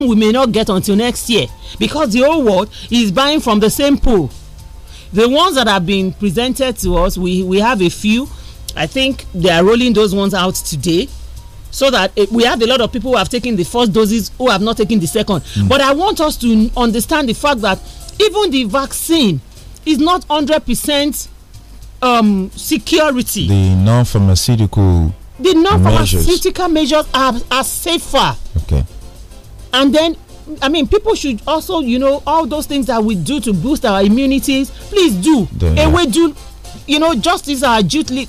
we may not get until next year because the whole world is buying from the same pool. The ones that have been presented to us, we, we have a few. I think they are rolling those ones out today so that it, eh, we have a lot of people who have taken the first doses who have not taken the second. Mm. But I want us to understand the fact that even the vaccine is not 100% um, security. The non pharmaceutical the non pharmaceutical measures, measures are, are safer. Okay and then I mean, people should also, you know, all those things that we do to boost our immunities, please do. and we do, you know, justice our duty.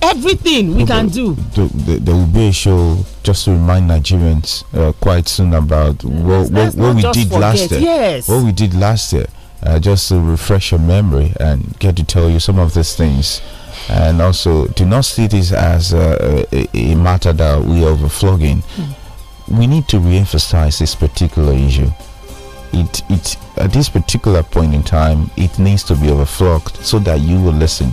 Everything we can do. There will be a show just to remind Nigerians uh, quite soon about what, what, what we did forget. last year. Yes. What we did last year. Uh, just to refresh your memory and get to tell you some of these things. And also, do not see this as uh, a, a, matter that we are overflogging. Mm we need to re-emphasize this particular issue. It, it at this particular point in time, it needs to be overflocked so that you will listen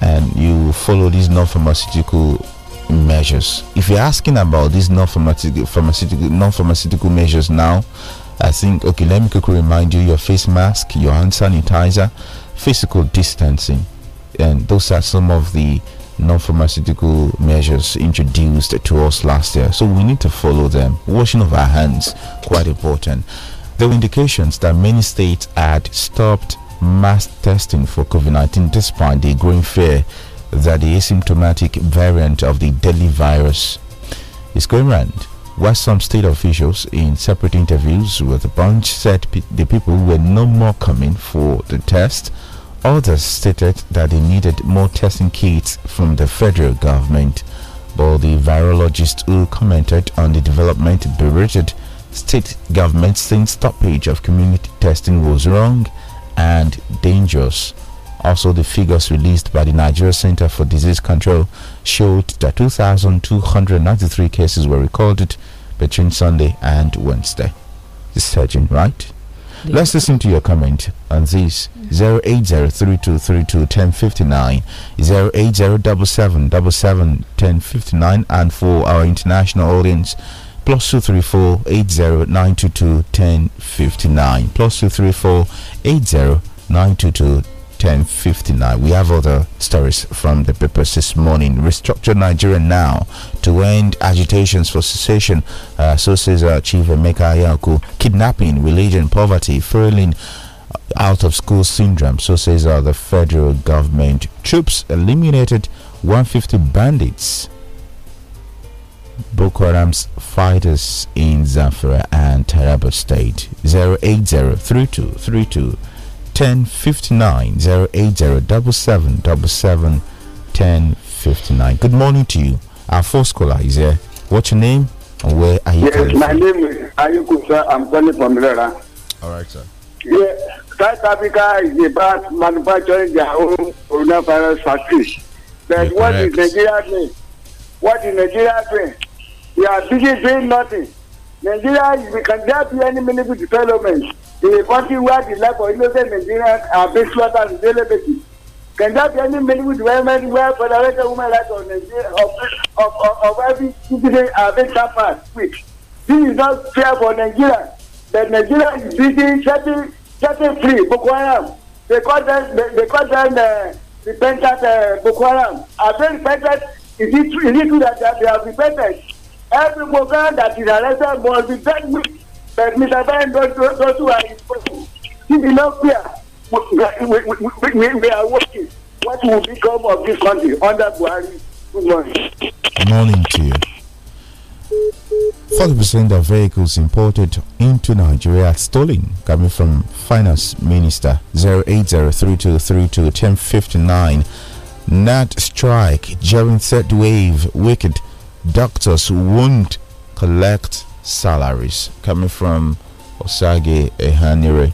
and you follow these non-pharmaceutical measures. If you're asking about these non-pharmaceutical, pharmaceutical, non-pharmaceutical measures now, I think okay. Let me quickly remind you: your face mask, your hand sanitizer, physical distancing, and those are some of the non pharmaceutical measures introduced to us last year. So we need to follow them. Washing of our hands, quite important. There were indications that many states had stopped mass testing for COVID 19 despite the growing fear that the asymptomatic variant of the deadly virus is going around. While some state officials, in separate interviews with the bunch, said the people were no more coming for the test, Others stated that they needed more testing kits from the federal government, but the virologist who commented on the development berated state governments saying stoppage of community testing was wrong and dangerous. Also, the figures released by the Nigeria Center for Disease Control showed that 2,293 cases were recorded between Sunday and Wednesday. The surgeon, right? Yeah. Let's listen to your comment on this. Zero eight zero three two three two ten fifty nine, zero eight zero double seven double seven ten fifty nine, and for our international audience, plus two three four eight zero nine two two ten fifty nine, plus two three four eight zero nine two two 10:59. We have other stories from the papers this morning. Restructure Nigeria now to end agitations for secession. Uh, so says uh, Chief Emeka Ayaku. Kidnapping, religion, poverty, failing out of school syndrome. So says uh, the federal government. Troops eliminated 150 bandits. Boko Haram's fighters in Zamfara and Taraba State. Zero eight zero three two three two. Ten fifty nine zero eight zero double seven double seven, ten fifty nine. Good morning to you. Our first caller is here. What's your name and where are you? Yes, my name is Ayukusa. I'm calling from Lera. All right, sir. Yeah, South Africa is about manufacturing their own coronavirus factory. But what is Nigeria doing? What is Nigeria doing? They are busy doing nothing. Nigeria is we can any meaningful development in a country where the life of innocent Nigerians are being slaughtered on daily basis. Can there be any meaningful development where federated women rights of Nigeria of of of, of every citizen are being tampered with? This is not fair for Nigeria. But Nigeria is beating setting setting free Boko Haram. They call them they, they call them uh, repentant uh, Boko Haram. Are they repentant? Is it true? Is it true that they, are have every program that is arrested must be dead with. But Mr. Ben, those, those who are responsible, if you not clear, we, we, we, we are watching what will become of this country under Buhari. Good morning. Morning to you. 40% of vehicles imported into Nigeria are stolen, coming from Finance Minister 08032321059. Nat strike during third wave wicked doctors won't collect salaries. Coming from Osage Ehanire.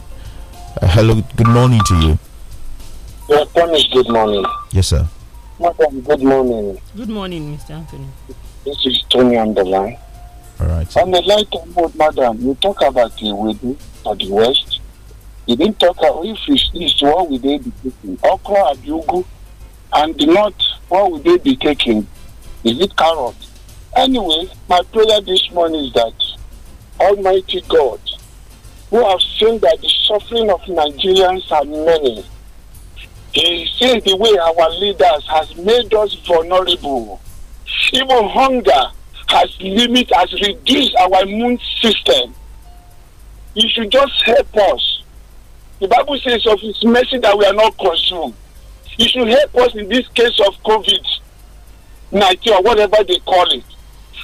Uh, hello, good morning to you. Yeah, good morning. Yes, sir. Madam, good morning. Good morning, Mr. Anthony. This is Tony on the line. All right. On the light madam, you talk about the wedding for the West. You didn't talk about if it's east, what would they be taking? Okra, yugu, and the north, what would they be taking? Is it carrots? Anyway, my prayer this morning is that Almighty God, who have seen that the suffering of Nigerians are many, he sees the way our leaders has made us vulnerable. Even hunger has limit has reduced our immune system. You should just help us. The Bible says of His mercy that we are not consumed. You should help us in this case of COVID nineteen or whatever they call it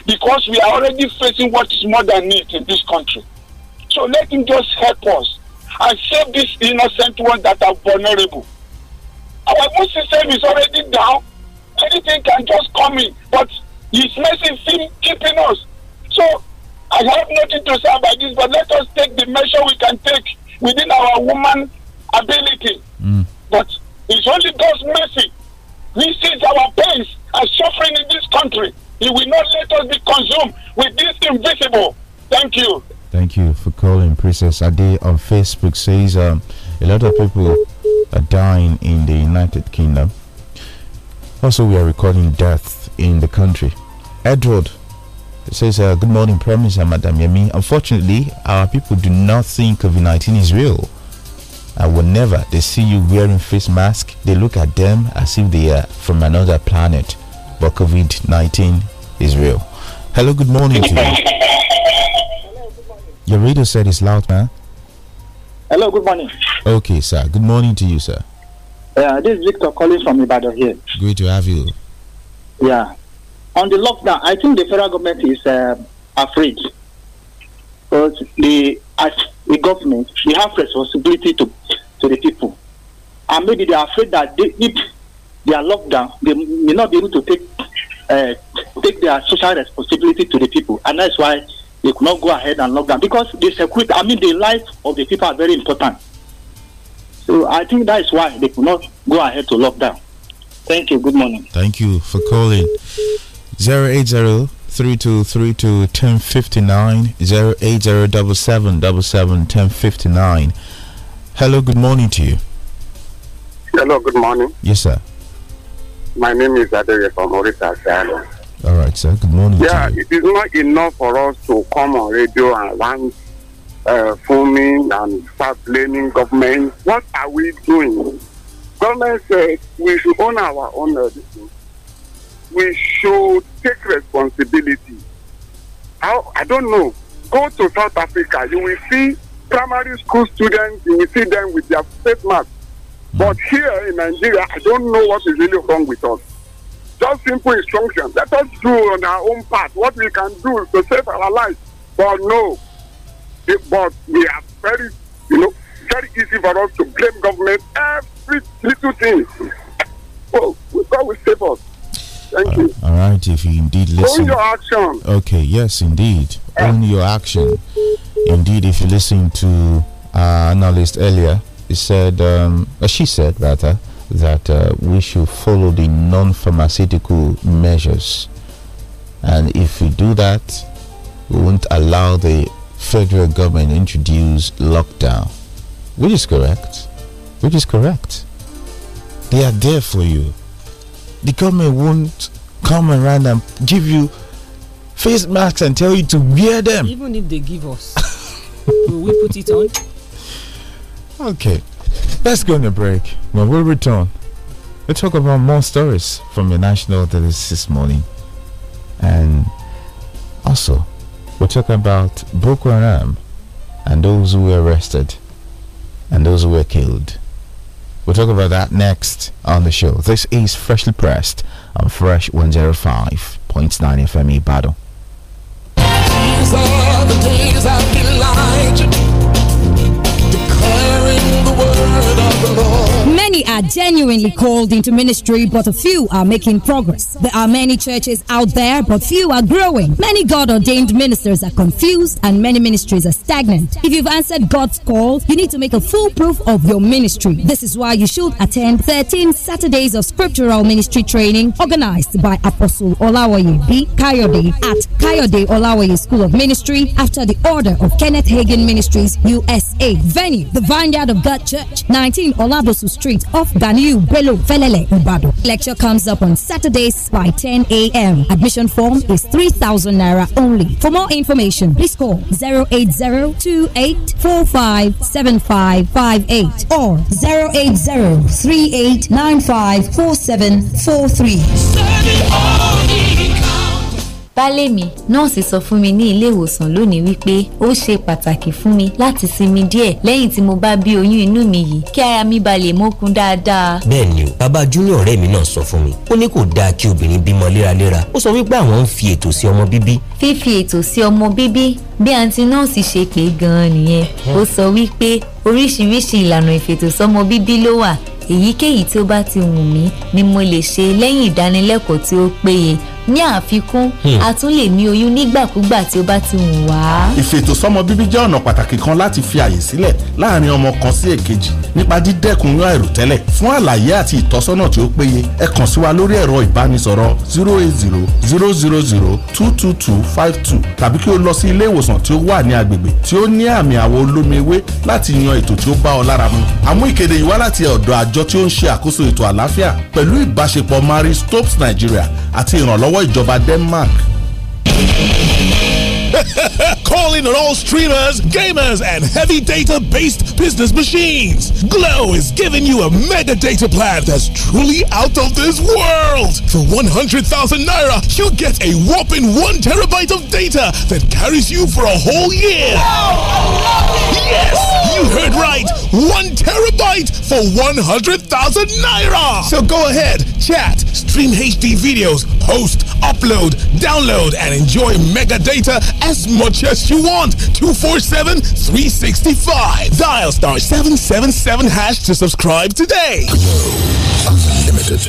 because we are already facing what is more than need in this country. So let him just help us and save these innocent ones that are vulnerable. Our immune system is already down. Anything can just come in, but his mercy is keeping us. So I have nothing to say about this, but let us take the measure we can take within our woman ability. Mm. But it's only God's mercy. He sees our pains and suffering in this country. He will not let us be consumed with this invisible. Thank you. Thank you for calling, Princess Ade on Facebook says um, a lot of people are dying in the United Kingdom. Also, we are recording death in the country. Edward says, uh, Good morning, Prime Minister uh, Madam Yemi. Unfortunately, our people do not think COVID 19 is real. And whenever they see you wearing face mask, they look at them as if they are from another planet but COVID 19 is real. Hello, good morning to you. Hello, good morning. Your radio said it's loud, man. Hello, good morning. Okay, sir. Good morning to you, sir. Yeah, uh, this is Victor calling from Ibadan here. Great to have you. Yeah. On the lockdown, I think the federal government is uh, afraid. But the, the government, they have responsibility to, to the people. And maybe they are afraid that they, if they are locked down. They may not be able to take uh, take their social responsibility to the people, and that's why they could not go ahead and lock down because the security. I mean, the life of the people are very important. So I think that is why they could not go ahead to lock down. Thank you. Good morning. Thank you for calling. 080 3232 1059 Hello, good morning to you. Hello, good morning. Yes, sir. My name is Adere from Orita All right, sir. Good morning. Yeah, it is not enough for us to come on radio and rant, uh, and start blaming government. What are we doing? Government says we should own our own medicine. We should take responsibility. How, I don't know. Go to South Africa, you will see primary school students, you will see them with their face masks but here in Nigeria, I don't know what is really wrong with us. Just simple instructions. Let us do on our own part what we can do to save our lives. But no, it, but we are very, you know, very easy for us to blame government every little thing. Well, oh, God will save us. Thank uh, you. All right, if you indeed listen. Own your action. Okay, yes, indeed. Own your action. Indeed, if you listen to our analyst earlier, said, um, uh, she said rather, that uh, we should follow the non-pharmaceutical measures. And if we do that, we won't allow the federal government to introduce lockdown, which is correct. Which is correct. They are there for you. The government won't come around and give you face masks and tell you to wear them. Even if they give us, will we put it on? Okay, let's go on a break. When we will return, we'll talk about more stories from the national dailies this morning. And also, we'll talk about Boko Haram and those who were arrested and those who were killed. We'll talk about that next on the show. This is Freshly Pressed on Fresh 105.9 FM Battle. Many are genuinely called into ministry, but a few are making progress. There are many churches out there, but few are growing. Many God ordained ministers are confused, and many ministries are stagnant. If you've answered God's call, you need to make a full proof of your ministry. This is why you should attend 13 Saturdays of scriptural ministry training organized by Apostle Olawaye B. Kayode at Kayode Olawaye School of Ministry after the order of Kenneth Hagen Ministries USA. Venue The Vineyard of God Church, 19 Olabosu Street, Street off Ganiu Bello, Felele, Ubado. Lecture comes up on Saturdays by 10 a.m. Admission form is 3,000 naira only. For more information, please call 08028457558 or 08038954743. baálé mi nọ́ọ̀sì sọ fún mi ní ilé ìwòsàn lónìí wípé ó ṣe pàtàkì fún mi láti sinmi díẹ̀ lẹ́yìn tí mo bá bí oyún inú mi yìí kí ara mi ba lè mókun dáadáa. bẹ́ẹ̀ni o bàbá junior ọ̀rẹ́ mi náà sọ fún mi ó ní kò dáa kí obìnrin bímọ léraléra ó sọ wípé àwọn ń fi ètò sí ọmọ bíbí. fífi ètò sí ọmọ bíbí bí àǹtí nọ́ọ̀sì ṣe pé gan-an nìyẹn ó sọ wípé oríṣiríṣi ìlànà ìfètòsọ́mọ bíbí ló wà èyíkéyìí tí ó bá ti wù mí ni mo lè ṣe lẹ́yìn ìdánilẹ́kọ̀ọ́ tí ó péye ní àfikún hmm. a tún lè ní oyún nígbàkúgbà tí ó bá ti wù wá. ìfètòsọ́mọ bíbí jẹ́ ọ̀nà pàtàkì kan láti fi àyè sílẹ̀ láàrin ọmọ kan sí èkejì nípa dídẹ́kun yún àìròtẹ́lẹ̀ fún àlàyé àti ìtọ́sọ́nà tí ó péye ẹ kàn sí wa lórí ẹ̀rọ ìbánisọ̀rọ̀ zero eight zero zero zero zero two two two five two tàbí kí o lọ sí ilé ìwòsàn tí ó wà ní agbègbè tí ó ní àmì àwọ̀ olómi ewé láti yan ìlànà ètò tí ó bá ọ lára mu. àmú ìkéde yìí wá láti ọ̀dọ̀ àjọ tí ó ń ṣe àkóso ètò àlàáfíà pẹ̀lú ìbáṣepọ̀ Marie Stopes Nigeria àti ìrànlọ́wọ́ ìjọba Denmark. calling on all streamers, gamers, and heavy data-based business machines. Glow is giving you a mega data plan that's truly out of this world. For 100,000 naira, you get a whopping one terabyte of data that carries you for a whole year. Wow, yes, you heard right. One terabyte for 100,000 naira. So go ahead, chat, stream HD videos, post, upload, download, and enjoy mega data as much as best you want. 247 365. Dial star 777 hash to subscribe today. Unlimited.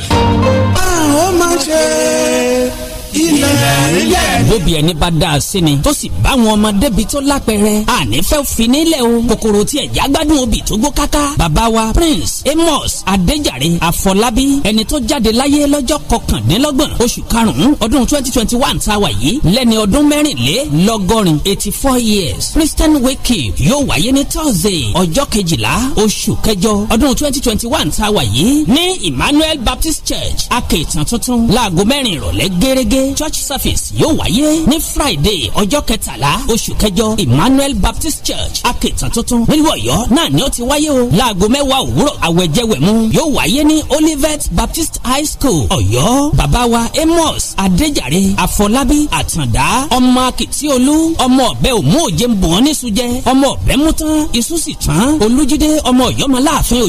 Ah, my ilẹ̀. bóbi ẹni bá dáa sí ni tó sì bá wọn ọmọ débi tó lápẹrẹ àní fẹ́ finílẹ̀ o kòkòrò tí ẹ̀já gbádùn obì tó gbó káká bàbá wa Prince Amos Adéjàre Àfọlábí ẹni tó jáde láyé lọ́jọ́ kọkàndínlọ́gbọ̀n oṣù karùn-ún ọdún twenty twenty one tá a wà yìí lẹ́ni ọdún mẹ́rìnlélọ́gọ́rin eighty four years Christian wake yóò wáyé ní Thursday ọjọ́ kejìlá oṣù kẹjọ ọdún twenty twenty one tá a wà yìí ní Emmanuel Baptist Church akéètàn tuntun láago mẹ́rin ìrọ̀lẹ́ gẹ́rẹ́gẹ́ church service yóò wáyé ní friday ọjọ́ kẹtàlá oṣù kẹjọ emmanuel baptist church akéetàn tuntun nílùú ọ̀yọ́ náà ni ó ti wáyé o láago mẹ́wàá òwúrọ̀ àwẹ̀jẹwẹ̀mu yóò wáyé ní olivet baptist high school ọ̀yọ́ bàbá wa amos adéjàre àfọlábí àtàndá ọmọ akitiolu ọmọ ọ̀bẹ òmú òjé ń bùn ọ́ ní sujẹ ọmọ ọ̀bẹ mú tán iṣu sì tán olújídé ọmọ ọ̀yọ́mọ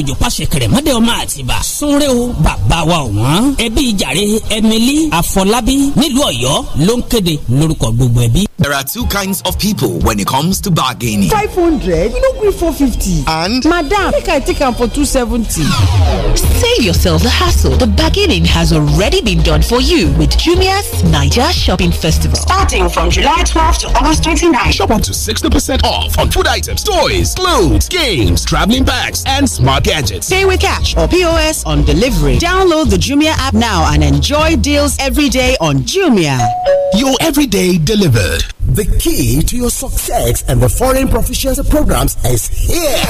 òjò pàṣẹ kẹrẹ̀mọ́dé ọmọ àtìbà súnrẹ́ o bàbá wa ọ̀wọ́n emily àfọlábí nílùú ọ̀yọ́ ló ń kéde lórúkọ gbogbo ẹbí. There are two kinds of people when it comes to bargaining. Five hundred? You no gree four fifty. And? Madam, make I take am for two seventy. Save yourself the hassle. The bargaining has already been done for you with Jumia's Nigeria Shopping Festival. Starting from July 12th to August 29th. Shop up to 60% off on food items, toys, clothes, games, traveling bags, and smart gadgets. Pay with cash or POS on delivery. Download the Jumia app now and enjoy deals every day on Jumia, your everyday delivered. The key to your success and the foreign proficiency programs is here.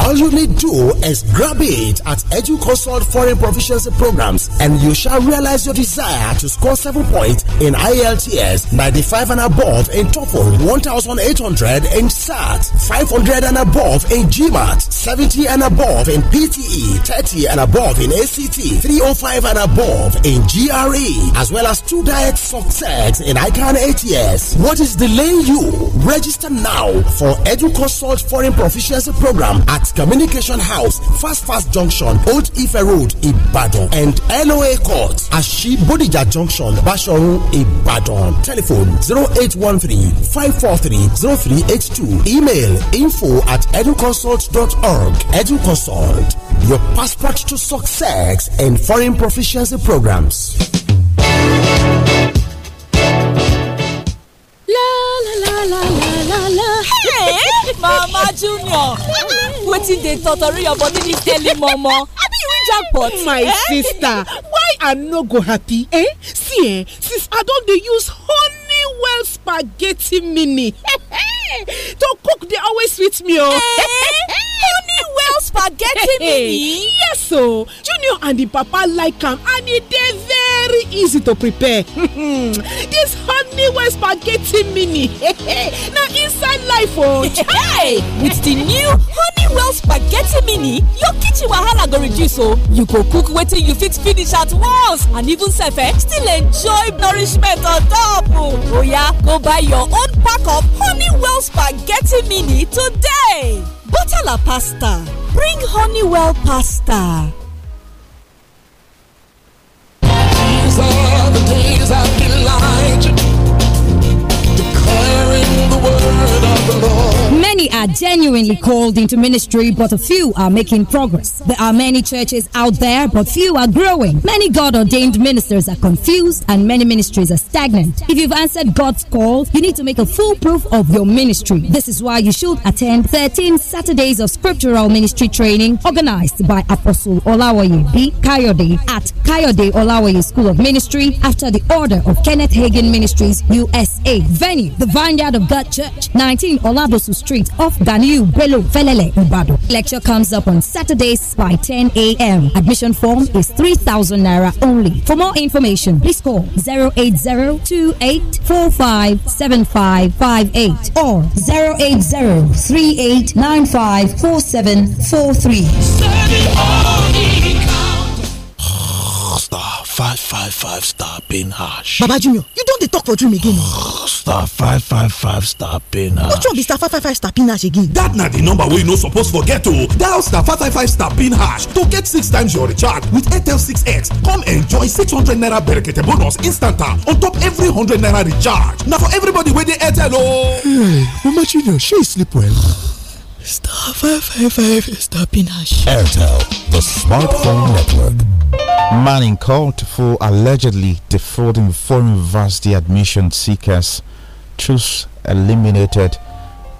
All you need to do is grab it at EduConsult Foreign Proficiency Programs and you shall realize your desire to score 7 points in IELTS, 95 and above in TOEFL, 1800 in SAT, 500 and above in GMAT, 70 and above in PTE, 30 and above in ACT, 305 and above in GRE, as well as two direct success in ICANN eight years. What is delaying you? Register now for EduConsult Foreign Proficiency Program at Communication House, Fast Fast Junction, Old Ife Road, Ibadan, and LOA Court, Ashi Bodija Junction, Bashorun, Ibadan. Telephone 0813 543 0382. Email info at educonsult.org. EduConsult, your passport to success and foreign proficiency programs. mama junior wetin dey totori your body dis early momo abi you win jackpot. my eh? sister why i no go happy eh see eh since i don dey use honeywell spaghetti mini eh, eh. to cook dey always sweet me o. you need spaghetti mini. yes o oh. junior and di papa like am and e dey very easy to prepare. dis honey well spaghetti mini na inside life o. Oh. chai with di new honey well spaghetti mini your kitchen wahala go reduce o oh. you go cook wetin you fit finish at once and even sef eh, still enjoy nourishment on top Oh yeah. go buy your own pack of honey well spaghetti mini today. Butter la pasta. Bring Honeywell pasta. These are the days of declaring the word of the Lord. Many are genuinely called into ministry, but a few are making progress. There are many churches out there, but few are growing. Many God ordained ministers are confused, and many ministries are stagnant. If you've answered God's call, you need to make a full proof of your ministry. This is why you should attend 13 Saturdays of scriptural ministry training organized by Apostle Olawaye B. Kayode at Kayode Olawaye School of Ministry after the order of Kenneth Hagen Ministries USA. Venue, the Vineyard of God Church, 19 Oladosu Street off Ganiu Bello Velele Ubado. Lecture comes up on Saturdays by 10 a.m. Admission form is 3,000 naira only. For more information, please call 08028457558 or 3895 ah, Stop five five five stop being harsh. baba junior you don dey talk for dream again. star five five five stop being harsh. which one be star five five five stop being harsh again. That na the number we no supposed forget to. dial star five five five stop being harsh to get six times your recharge with airtel 6x come enjoy six hundred naira berekete bonus instant on top every hundred naira recharge Now for everybody wey dey airtel o. hey mama junior she sleep well. star five five five stop being harsh. airtel the smartphone network. Man in court for allegedly defrauding foreign university admission seekers. Truth eliminated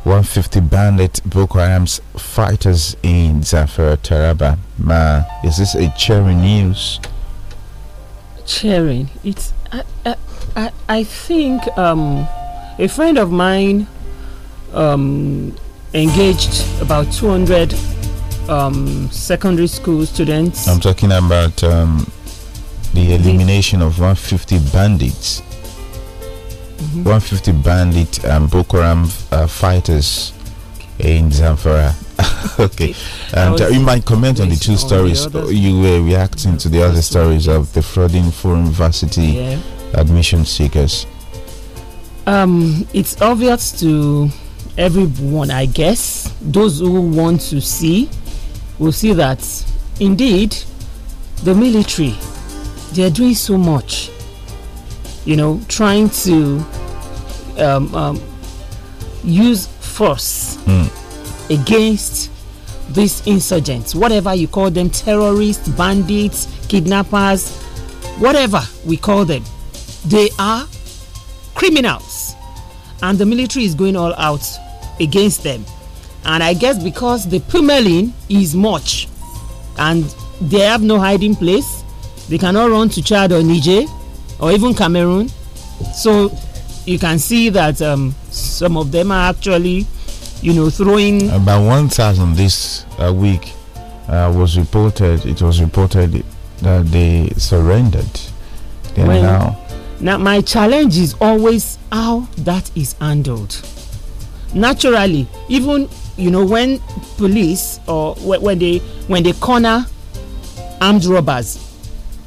150 bandit Boko Haram's fighters in Zafar Taraba. Ma, is this a cheering news? Cheering. It's. I, I, I think um, a friend of mine um, engaged about 200 um, secondary school students. I'm talking about um, the elimination of 150 bandits. Mm -hmm. 150 bandit and um, Boko Haram uh, fighters in Zamfara. okay, and uh, you might comment on the two stories the you were reacting to the other stories of the frauding foreign varsity yeah. admission seekers. Um, it's obvious to everyone, I guess, those who want to see will see that indeed the military they're doing so much you know trying to um, um, use force mm. against these insurgents whatever you call them terrorists bandits kidnappers whatever we call them they are criminals and the military is going all out against them and I guess because the pummeling is much and they have no hiding place, they cannot run to Chad or Niger or even Cameroon. So you can see that um, some of them are actually, you know, throwing. About 1,000 this uh, week uh, was reported, it was reported that they surrendered. well, now. Now, my challenge is always how that is handled naturally even you know when police or when they when they corner armed robbers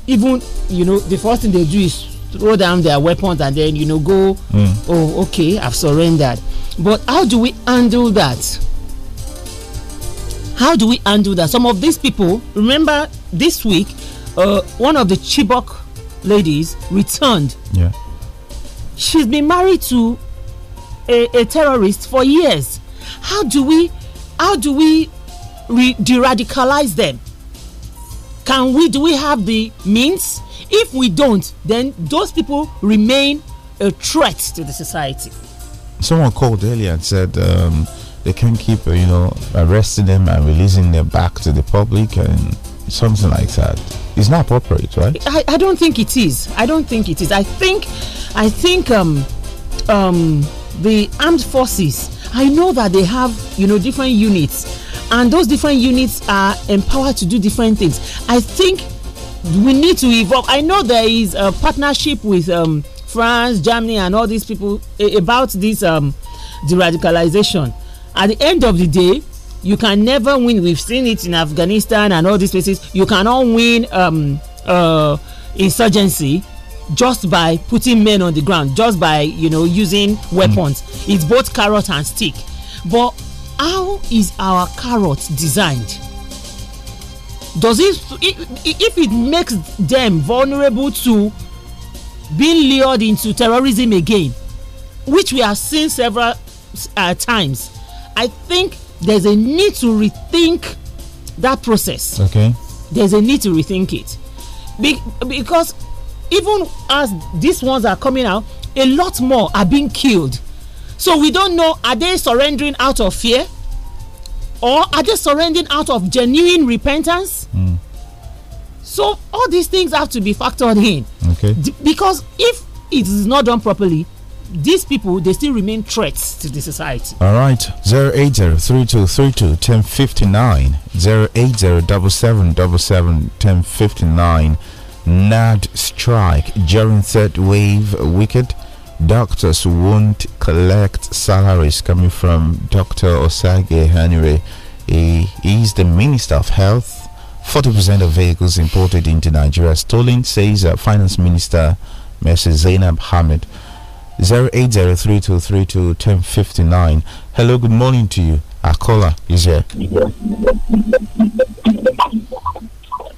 even you know the first thing they do is throw down their weapons and then you know go mm. oh okay i've surrendered but how do we handle that how do we handle that some of these people remember this week uh, one of the chibok ladies returned yeah she's been married to a, a terrorist for years how do we how do we de-radicalize them can we do we have the means if we don't then those people remain a threat to the society someone called earlier and said um, they can keep uh, you know arresting them and releasing them back to the public and something like that it's not appropriate right i, I don't think it is i don't think it is i think i think um um the armed forces, I know that they have, you know, different units, and those different units are empowered to do different things. I think we need to evolve. I know there is a partnership with um, France, Germany, and all these people about this um, radicalization. At the end of the day, you can never win. We've seen it in Afghanistan and all these places. You cannot win um, uh, insurgency just by putting men on the ground, just by you know using weapons. Mm. It's both carrot and stick. But how is our carrot designed? Does it if it makes them vulnerable to being lured into terrorism again, which we have seen several uh, times? I think there's a need to rethink that process. Okay. There's a need to rethink it. Be because even as these ones are coming out, a lot more are being killed. So we don't know are they surrendering out of fear or are they surrendering out of genuine repentance? Mm. So all these things have to be factored in. Okay. D because if it is not done properly, these people they still remain threats to the society. All right. 080-3232-1059. 080-7777-1059. Nad strike during third wave wicked. Doctors won't collect salaries coming from Dr. Osage Henry. He is the Minister of Health. 40% of vehicles imported into Nigeria stolen, says uh, Finance Minister Mrs. Zainab Hamid. 0803232159. Hello, good morning to you. Akola is here.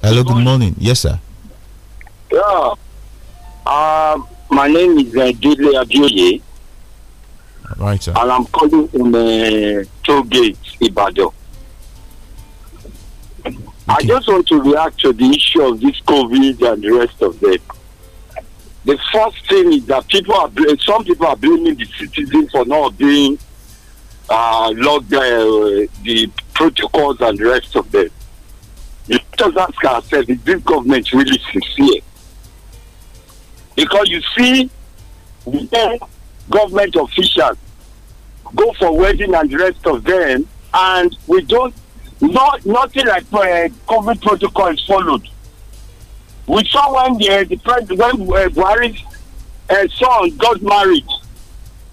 Hello, good morning. Yes, sir. Yeah. Um, my name is uh, Dudley Abioye. Right. Sir. And I'm calling from uh, Toll Ibadan. Okay. I just want to react to the issue of this COVID and the rest of it. The first thing is that people are some people are blaming the citizens for not being uh, uh, the protocols and the rest of them. You just ask ourselves: Is this government really sincere? because you see the government officials go for wedding and the rest of them and we don't not nothing like uh, covid protocol is followed we saw when the, the president when uh, Buhari's uh, son got married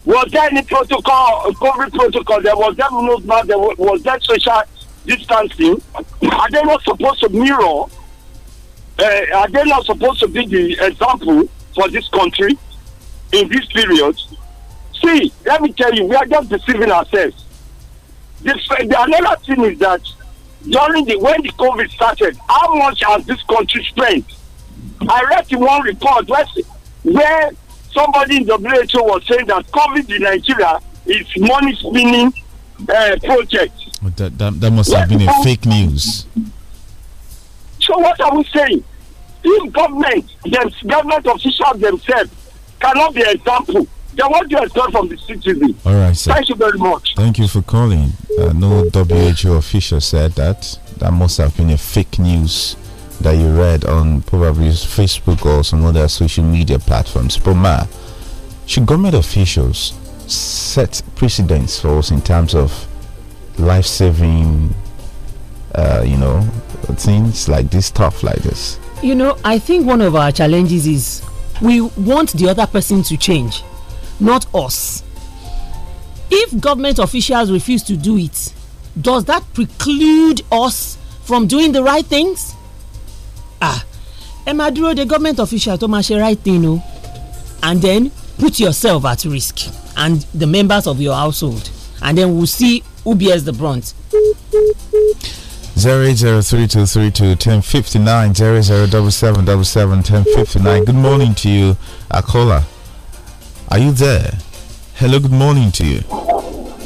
was there any protocol covid protocol there was there no mask there was, that there social distancing are they not supposed to mirror uh, are they not supposed to be the example for this country in this period. See, let me tell you, we are just deceiving ourselves. The, the another thing is that during the when the COVID started, how much has this country spent? I read in one report where somebody in the WHO was saying that COVID in Nigeria is money spinning uh, project. That, that, that must have been a fake news. So what are we saying? if government them government officials themselves cannot be example then what do you expect from the citizen. all right sir thank you very much. thank you for calling uh, no who official said that that must have been a fake news that you read on probably facebook or some other social media platforms but ma should government officials set precedents for us in terms of life-saving uh, you know things like this stuff like this you know, I think one of our challenges is we want the other person to change, not us. If government officials refuse to do it, does that preclude us from doing the right things? Ah, Emma the government official, to the right thing, know, And then put yourself at risk and the members of your household, and then we'll see who bears the brunt. 08032321059 Good morning to you, Akola. Are you there? Hello, good morning to you.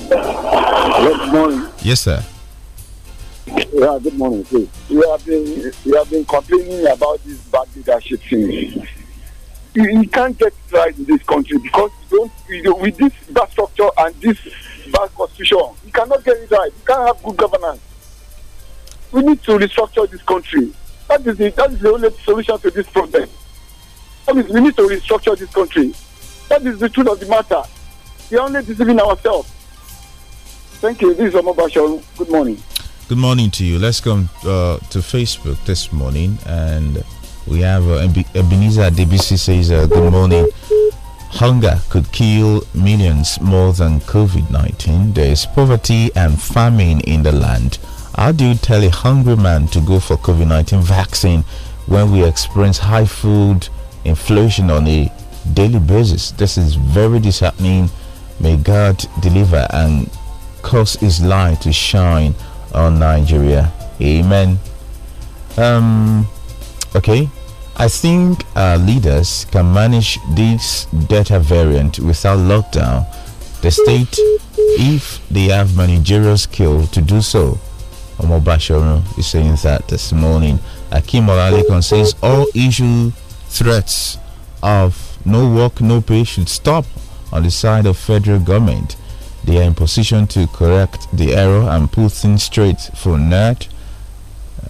Good morning. Yes, sir. Yeah, good morning. Please. You have been you have been complaining about this bad leadership thing. You, you can't get right in this country because you don't you know, with this bad structure and this bad constitution, you cannot get it right. You can't have good governance we need to restructure this country. That is the, that is the only solution to this problem. That is, we need to restructure this country. That is the truth of the matter. We are only deceiving ourselves. Thank you. This is Omar Bashar. Good morning. Good morning to you. Let's come uh, to Facebook this morning, and we have uh, Ebenezer DBC says, uh, Good morning. Hunger could kill millions more than COVID 19. There is poverty and famine in the land. How do you tell a hungry man to go for COVID 19 vaccine when we experience high food inflation on a daily basis? This is very disheartening. May God deliver and cause His light to shine on Nigeria. Amen. Um, okay, I think our leaders can manage this Delta variant without lockdown. The state, if they have managerial skill to do so, Omo is saying that this morning. Akim Olalekan says all issue threats of no work, no pay should stop on the side of federal government. They are in position to correct the error and pull things straight for NERD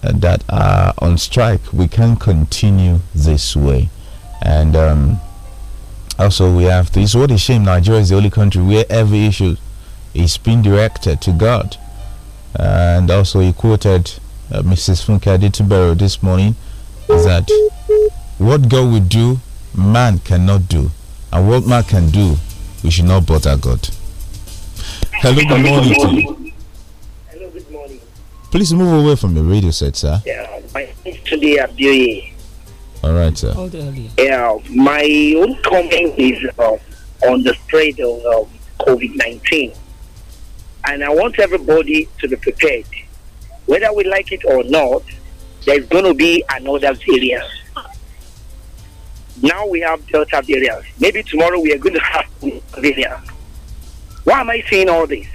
uh, that are on strike. We can continue this way. And um, also, we have this. What a shame Nigeria is the only country where every issue is being directed to God uh, and also he quoted uh, Mrs. Funke Aditubero this morning that what God will do, man cannot do, and what man can do, we should not bother God. Hello, good morning to you. Hello, good morning. Please move away from the radio set, sir. Yeah, my name's today Abdioye. All right, sir. Yeah, my own comment is uh, on the spread of uh, COVID 19 and I want everybody to be prepared. Whether we like it or not, there's going to be another variant. Now we have Delta variant. Maybe tomorrow we are going to have variant. Why am I saying all this?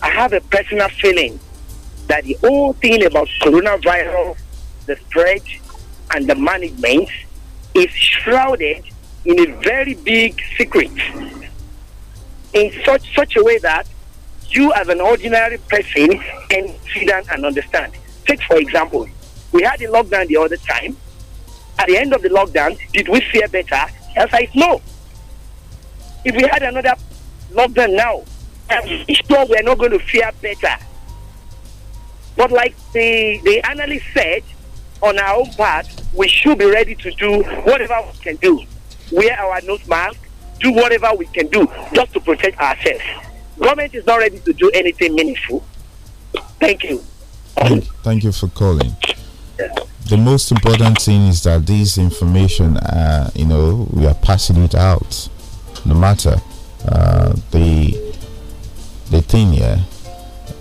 I have a personal feeling that the whole thing about coronavirus, the spread, and the management is shrouded in a very big secret in such, such a way that you as an ordinary person can see that and understand. Take, for example, we had a lockdown the other time. At the end of the lockdown, did we fare better? The answer is no. If we had another lockdown now, I'm sure we're not going to fare better. But like the, the analyst said, on our own part, we should be ready to do whatever we can do. Wear our nose mask, do whatever we can do just to protect ourselves. Government is not ready to do anything meaningful. Thank you. Thank, you for calling. The most important thing is that this information, uh, you know, we are passing it out. No matter uh, the the thing yeah,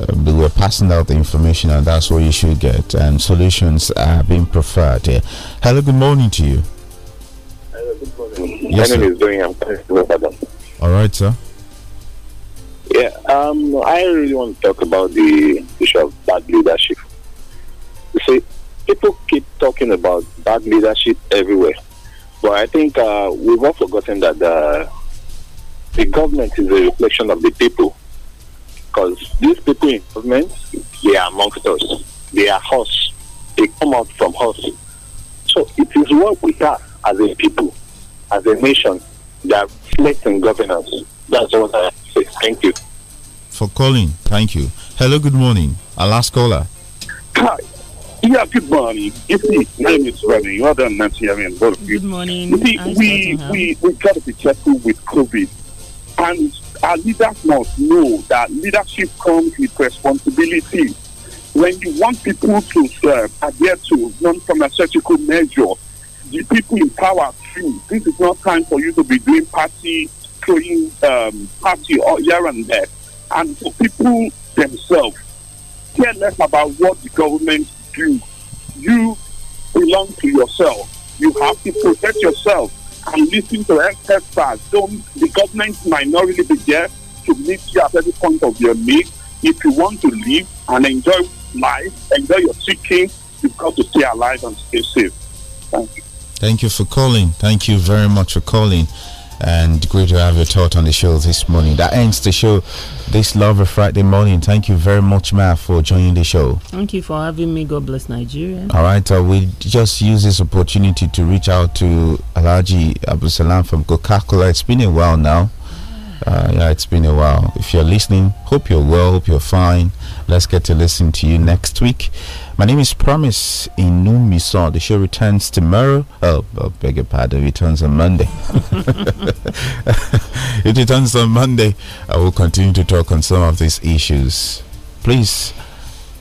um, we are passing out the information, and that's what you should get. And solutions are being preferred Hello, good morning to you. Hello, good morning. Yes, My name sir. is All right, sir. Yeah, um, I really want to talk about the issue of bad leadership. You see, people keep talking about bad leadership everywhere, but I think uh, we've all forgotten that the, the government is a reflection of the people. Because these people in government, they are amongst us, they are us, they come out from us. So it is what we have as a people, as a nation, that reflects in governance. That's what I Thank you. For calling. Thank you. Hello, good morning. Our last caller. Hi. Yeah, good morning. my name is Remy. Well done, Nancy. I mean, both Good morning. You see, we, we, we got to be careful with COVID. And our leaders must know that leadership comes with responsibility. When you want people to serve, adhere to non pharmaceutical measures, the people in power too. This is not time for you to be doing party throwing um, party or here and there. And for people themselves, care less about what the government do. You belong to yourself. You have to protect yourself and listen to experts. Don't the government might not really be there to meet you at every point of your need. If you want to live and enjoy life, enjoy your chicken, you've got to stay alive and stay safe. Thank you. Thank you for calling. Thank you very much for calling and great to have your thought on the show this morning. That ends the show this lovely Friday morning. Thank you very much, Ma, for joining the show. Thank you for having me. God bless Nigeria. All right, uh, we just use this opportunity to reach out to Alaji Abu Salam from Coca Cola. It's been a while now. Uh, yeah, it's been a while. If you're listening, hope you're well, hope you're fine. Let's get to listen to you next week. My name is Promise Inumison. The show returns tomorrow. Oh, oh beg your pardon, it returns on Monday. it returns on Monday. I will continue to talk on some of these issues. Please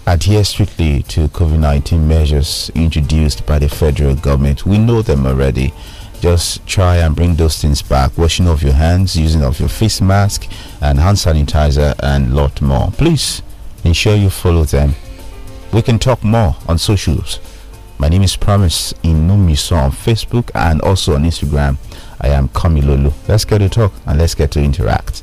adhere strictly to COVID 19 measures introduced by the federal government. We know them already just try and bring those things back washing of your hands using of your face mask and hand sanitizer and lot more please ensure you follow them we can talk more on socials my name is promise inumiso on facebook and also on instagram i am kamilolu let's get to talk and let's get to interact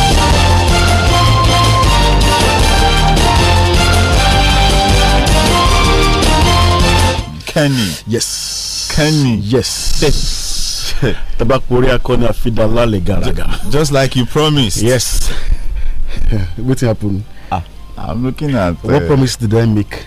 Kenny. Yes. Kenny. Yes. Yes. Tabakuri Akoni Afidala Legaraga. Just like you promised. Yes. what happened? I'm looking at. What uh, promise did I make?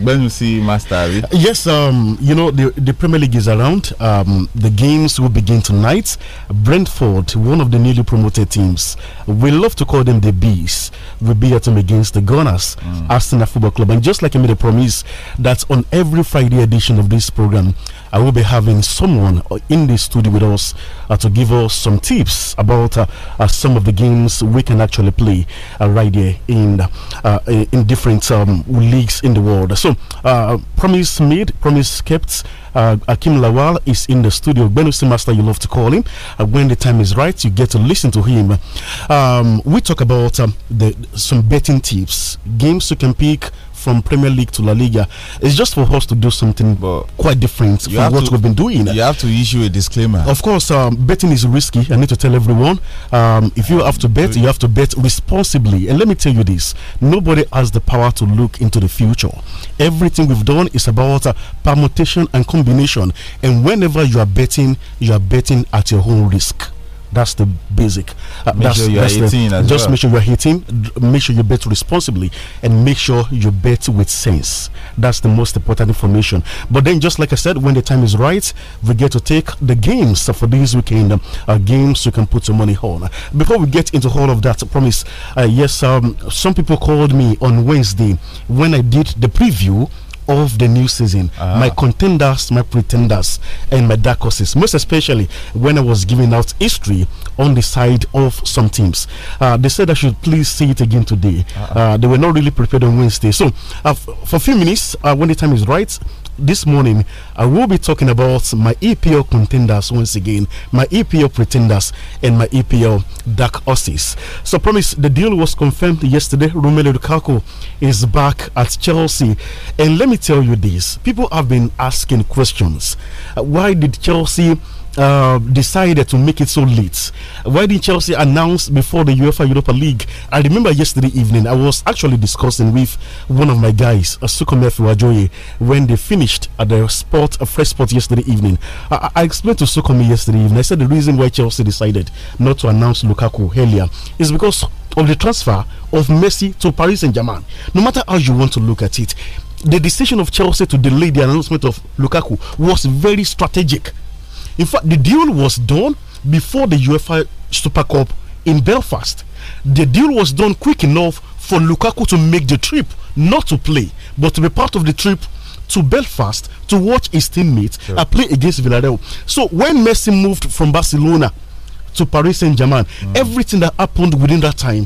Benusi uh, Master. Yes, um, you know the the Premier League is around. Um, the games will begin tonight. Brentford, one of the newly promoted teams, we love to call them the bees. Will be at against the Gunners, mm. Arsenal Football Club, and just like I made a promise that on every Friday edition of this program, I will be having someone in the studio with us uh, to give us some tips about uh, uh some of the games we can actually play uh, right here in uh, in different um, leagues in the world. So, promise made, promise kept. Uh, Akim Lawal is in the studio. Benusi Master, you love to call him. Uh, when the time is right, you get to listen to him. Um, we talk about um, the, some betting tips, games you can pick from Premier League to La Liga. It's just for us to do something but uh, quite different from what to, we've been doing. You have to issue a disclaimer. Of course, um, betting is risky. I need to tell everyone. Um, if you have to bet, you have to bet responsibly. And let me tell you this nobody has the power to look into the future. Everything we've done is about uh, permutation and combination. And whenever you are betting, you are betting at your own risk. That's the basic. Uh, make that's, sure you're that's the, Just well. make sure you're hitting. Make sure you bet responsibly, and make sure you bet with sense. That's the most important information. But then, just like I said, when the time is right, we get to take the games for this weekend. Uh, games you can put your money on. Before we get into all of that, I promise. Uh, yes, um, some people called me on Wednesday when I did the preview of the new season. Ah. My contenders, my pretenders, and my dark horses. Most especially when I was giving out history on the side of some teams. Uh, they said I should please see it again today. Uh -uh. they were not really prepared on Wednesday. So uh, for a few minutes, uh, when the time is right, this morning, I will be talking about my EPL contenders once again, my EPL pretenders, and my EPL dark horses. So, promise the deal was confirmed yesterday. Romelu Lukaku is back at Chelsea, and let me tell you this: people have been asking questions. Uh, why did Chelsea? Uh, decided to make it so late? Why didn't Chelsea announce before the UEFA Europa League? I remember yesterday evening, I was actually discussing with one of my guys, Sukome Fiwajoye, when they finished at the sport, a fresh sport yesterday evening. I, I explained to Sukome yesterday evening, I said the reason why Chelsea decided not to announce Lukaku earlier is because of the transfer of Messi to Paris Saint Germain. No matter how you want to look at it, the decision of Chelsea to delay the announcement of Lukaku was very strategic in fact, the deal was done before the UEFA Super Cup in Belfast. The deal was done quick enough for Lukaku to make the trip, not to play, but to be part of the trip to Belfast to watch his teammates sure. Uh, play against Villarreal. So when Messi moved from Barcelona to Paris Saint Germain, mm. everything that happened within that time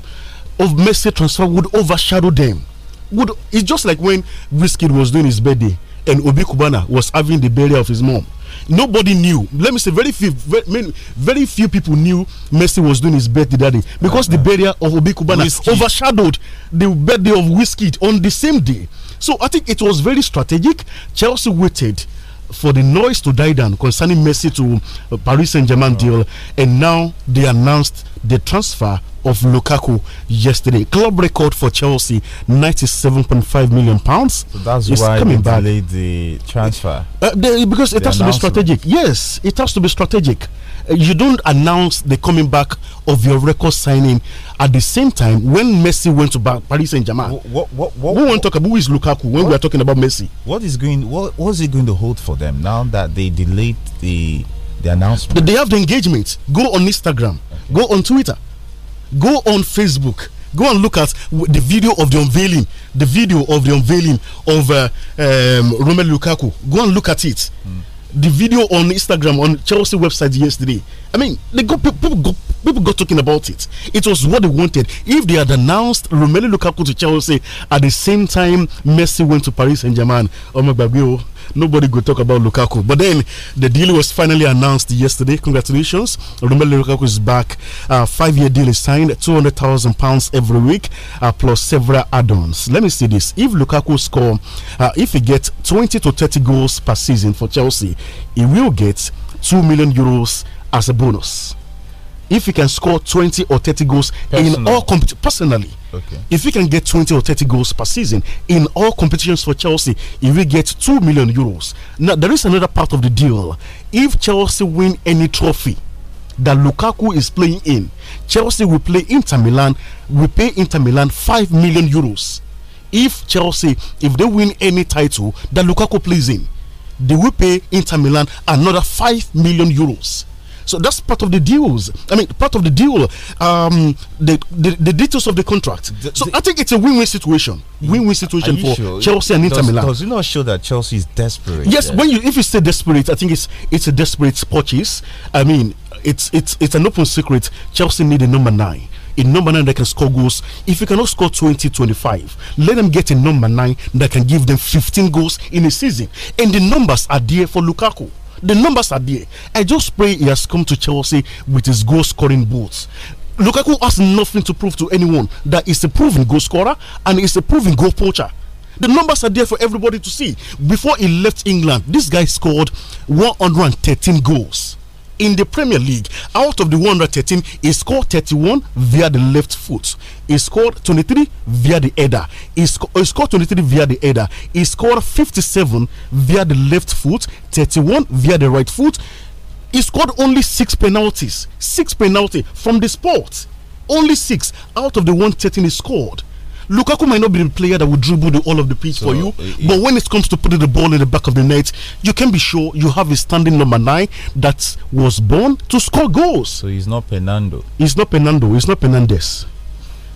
of Messi transfer would overshadow them. Would it's just like when Wizkid was doing his birthday and Obi Kubana was having the burial of his mom. Nobody knew. Let me say, very few, very, very few people knew Messi was doing his birthday that day because uh -huh. the burial of Obi Kubana Whiskey. overshadowed the birthday of Whiskey on the same day. So I think it was very strategic. Chelsea waited for the noise to die down concerning Messi to uh, Paris Saint Germain deal, and now they announced the transfer of Lukaku yesterday. Club record for Chelsea, £97.5 million. Pounds. So that's it's why coming back. delayed the transfer. Uh, they, because it the has to be strategic. Yes, it has to be strategic. Uh, you don't announce the coming back of your record signing at the same time when Messi went to Paris Saint Germain. What, what, what, we want to talk about who is Lukaku when we are talking about Messi. What is going? What was it going to hold for them now that they delayed the the announcement? They have the engagement. Go on Instagram. Okay. Go on Twitter Go on Facebook. Go and look at the video of the unveiling, the video of the unveiling of uh, um, Romelu Lukaku. Go and look at it. Mm. The video on Instagram on Chelsea website yesterday. I mean, they got people got people got talking about it. It was what they wanted. If they had announced Romelu Lukaku to Chelsea at the same time Messi went to Paris Saint Germain, oh my baby, oh, nobody could talk about Lukaku. But then the deal was finally announced yesterday. Congratulations. Romelu Lukaku is back. Uh, five year deal is signed, £200,000 every week, uh, plus several add ons. Let me see this. If Lukaku score, uh, if he gets 20 to 30 goals per season for Chelsea, he will get 2 million euros as a bonus if he can score 20 or 30 goals personally. in all competitions personally okay. if he can get 20 or 30 goals per season in all competitions for chelsea he will get 2 million euros now there is another part of the deal if chelsea win any trophy that lukaku is playing in chelsea will play inter milan We pay inter milan 5 million euros if chelsea if they win any title that lukaku plays in they will pay inter milan another 5 million euros so that's part of the deals. I mean, part of the deal, um, the, the, the details of the contract. The, so the, I think it's a win-win situation. Win-win situation for sure? Chelsea and Inter Milan. Does it not show that Chelsea is desperate? Yes. When you if you say desperate, I think it's it's a desperate purchase. I mean, it's it's it's an open secret. Chelsea need a number nine a number nine that can score goals. If you cannot score 20, 25, let them get a number nine that can give them 15 goals in a season. And the numbers are there for Lukaku. The numbers are there. I just pray he has come to Chelsea with his goal scoring boots. Lukaku has nothing to prove to anyone that he's a proven goal scorer and he's a proven goal poacher. The numbers are there for everybody to see. Before he left England, this guy scored 113 goals in the Premier League, out of the 113, he scored 31 via the left foot. He scored 23 via the header. He, sc he scored 23 via the header. He scored 57 via the left foot, 31 via the right foot. He scored only six penalties. Six penalties from the sport. Only six out of the 113 he scored. Lukaku might not be the player that would dribble the, all of the pitch so, for you, eh, yeah. but when it comes to putting the ball in the back of the net, you can be sure you have a standing number nine that was born to score goals. So he's not Fernando. He's not Fernando. He's not Fernandez.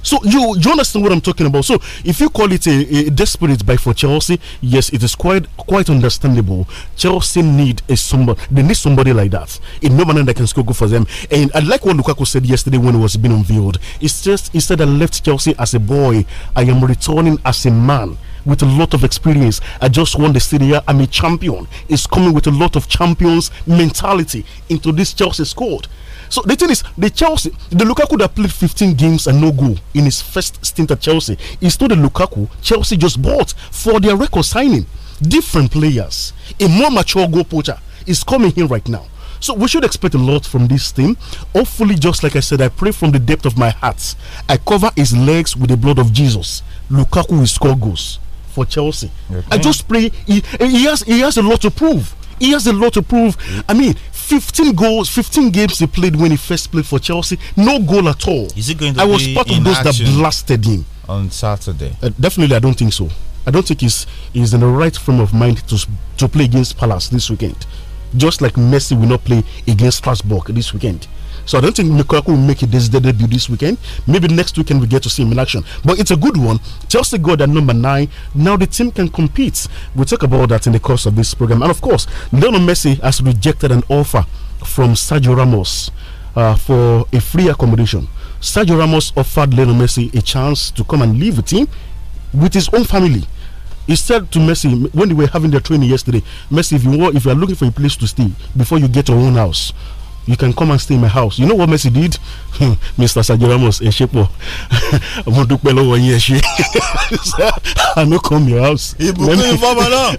So you you understand what I'm talking about. So if you call it a, a desperate buy for Chelsea, yes, it is quite quite understandable. Chelsea need a somebody they need somebody like that. In no manner that can score good for them. And I like what Lukaku said yesterday when it was being unveiled. It's just said I left Chelsea as a boy, I am returning as a man with a lot of experience. I just won the Serie I'm a champion. It's coming with a lot of champions mentality into this Chelsea squad. So the thing is, the Chelsea, the Lukaku that played 15 games and no goal in his first stint at Chelsea is not the Lukaku Chelsea just bought for their record signing. Different players, a more mature goal poacher is coming in right now. So we should expect a lot from this team. Hopefully, just like I said, I pray from the depth of my heart. I cover his legs with the blood of Jesus. Lukaku will score goals for Chelsea. Okay. I just pray he, he has he has a lot to prove. He has a lot to prove. I mean, 15 goals, 15 games he played when he first played for Chelsea. No goal at all. Is he going to I was part of those that blasted him on Saturday. Uh, definitely, I don't think so. I don't think he's he's in the right frame of mind to to play against Palace this weekend. Just like Messi will not play against Strasbourg this weekend. So I don't think Lukaku will make it his debut this weekend. Maybe next weekend we get to see him in action. But it's a good one. Chelsea got at number nine. Now the team can compete. We'll talk about that in the course of this program. And of course, Lionel Messi has rejected an offer from Sergio Ramos uh, for a free accommodation. Sergio Ramos offered Lionel Messi a chance to come and live with him with his own family. He said to Messi when they were having their training yesterday, Messi, if you were, if you are looking for a place to stay before you get your own house, you can come and stay in my house. You know what Messi did? Mr. Sergio Ramos, ẹ ṣe pọ̀, mo dúpẹ́ lọ́wọ́ yín ẹ ṣe. I come your house.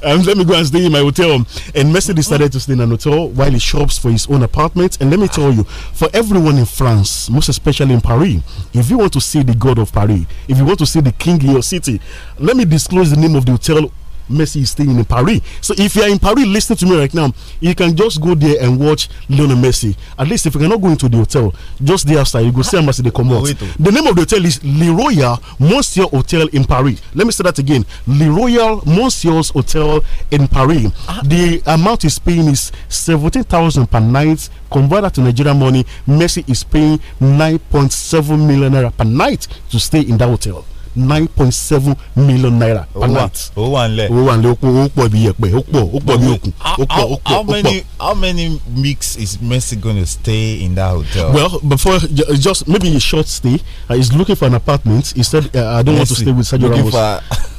Um, let me go and stay in my hotel. Um, and Messi decided to stay in an hotel while he shops for his own apartment. And let me tell you, for everyone in France, most especially in Paris, if you want to see the God of Paris, if you want to see the King in your city, let me disclose the name of the hotel Messi is staying in Paris. So if you are in Paris listening to me right now, you can just go there and watch Lionel Messi. At least if you cannot go into the hotel, just there outside, you go see Messi they come out. Oh. The name of the hotel is Le Royal Monsieur Hotel in Paris. Let me say that again. Le Royal Monsieur's Hotel in Paris. Uh, the amount is paying is 17,000 per night. Convert that to Nigerian money. Messi is paying 9.7 million naira per night to stay in that hotel nine point seven million naira per night. wà wà ó pọ̀ bí yẹpẹ̀ ó pọ̀ ó pọ̀ bí òkun ó pọ̀ ó pọ̀ how many weeks is Messi going to stay in that hotel. well before just maybe a short stay uh, he's looking for an apartment he said uh, I don't want to stay with Sergio Ramos.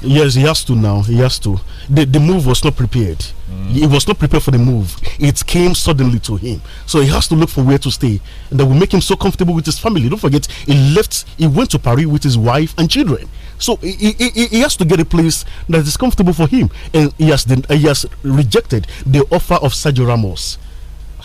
yes he has to now he has to the the move was not prepared. He was not prepared for the move. It came suddenly to him. So he has to look for where to stay. And that will make him so comfortable with his family. Don't forget, he left, he went to Paris with his wife and children. So he, he, he has to get a place that is comfortable for him. And he has, he has rejected the offer of Sergio Ramos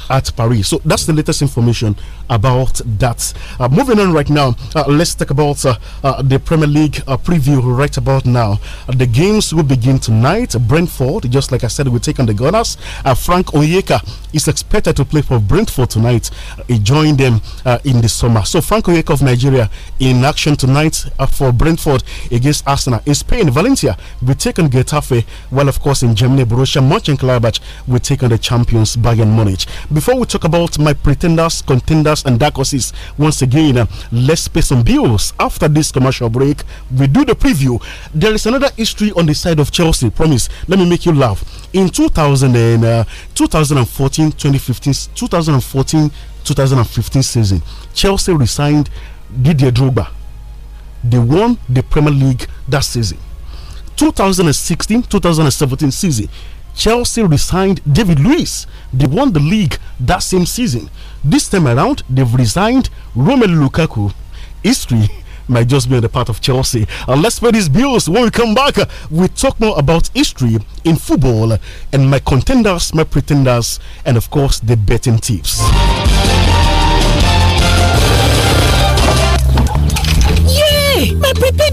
at Paris. So that's the latest information about that. Uh, moving on right now, uh, let's talk about uh, uh the Premier League uh, preview right about now. Uh, the games will begin tonight. Brentford, just like I said, will take on the Gunners. Frank Oyeka is expected to play for Brentford tonight. he joined them in the summer. So Frank Oyeka of Nigeria in action tonight for Brentford against Arsenal. In Spain, Valencia will take on Getafe, while of course in Germany, Borussia Mönchengladbach will take on the champions Bayern Munich before we talk about my pretenders, contenders, and dark horses, once again, uh, let's pay some bills. After this commercial break, we do the preview. There is another history on the side of Chelsea. Promise, let me make you laugh. In 2000 and, uh, 2014, 2015, 2014, 2015 season, Chelsea resigned Didier Drogba. They won the Premier League that season. 2016 2017 season Chelsea resigned David Luiz. They won the league that same season. This time around, they've resigned Romelu Lukaku. History might just be on the part of Chelsea. And let's pay these bills. When we come back, we talk more about history in football and my contenders, my pretenders, and of course, the betting tips. Yay! My prepare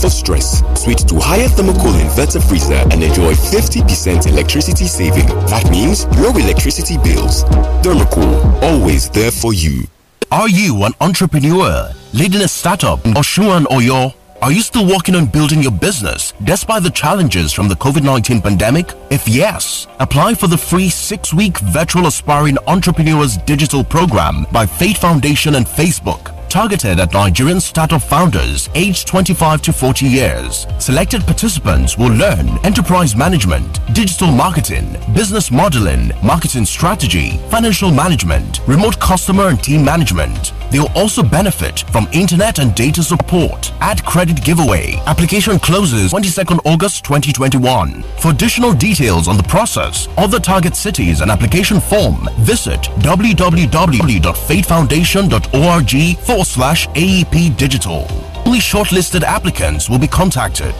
for stress. Switch to higher thermocool inverter freezer and enjoy 50% electricity saving. That means low electricity bills. Thermocool, always there for you. Are you an entrepreneur, leading a startup, or Shuan Oyo? Are you still working on building your business despite the challenges from the COVID 19 pandemic? If yes, apply for the free six week virtual aspiring entrepreneurs digital program by Faith Foundation and Facebook targeted at Nigerian startup founders aged 25 to 40 years. Selected participants will learn enterprise management, digital marketing, business modeling, marketing strategy, financial management, remote customer and team management. They'll also benefit from internet and data support. Ad credit giveaway. Application closes 22nd August 2021. For additional details on the process, other target cities and application form, visit www.fatefoundation.org forward slash AEP Digital. Only shortlisted applicants will be contacted.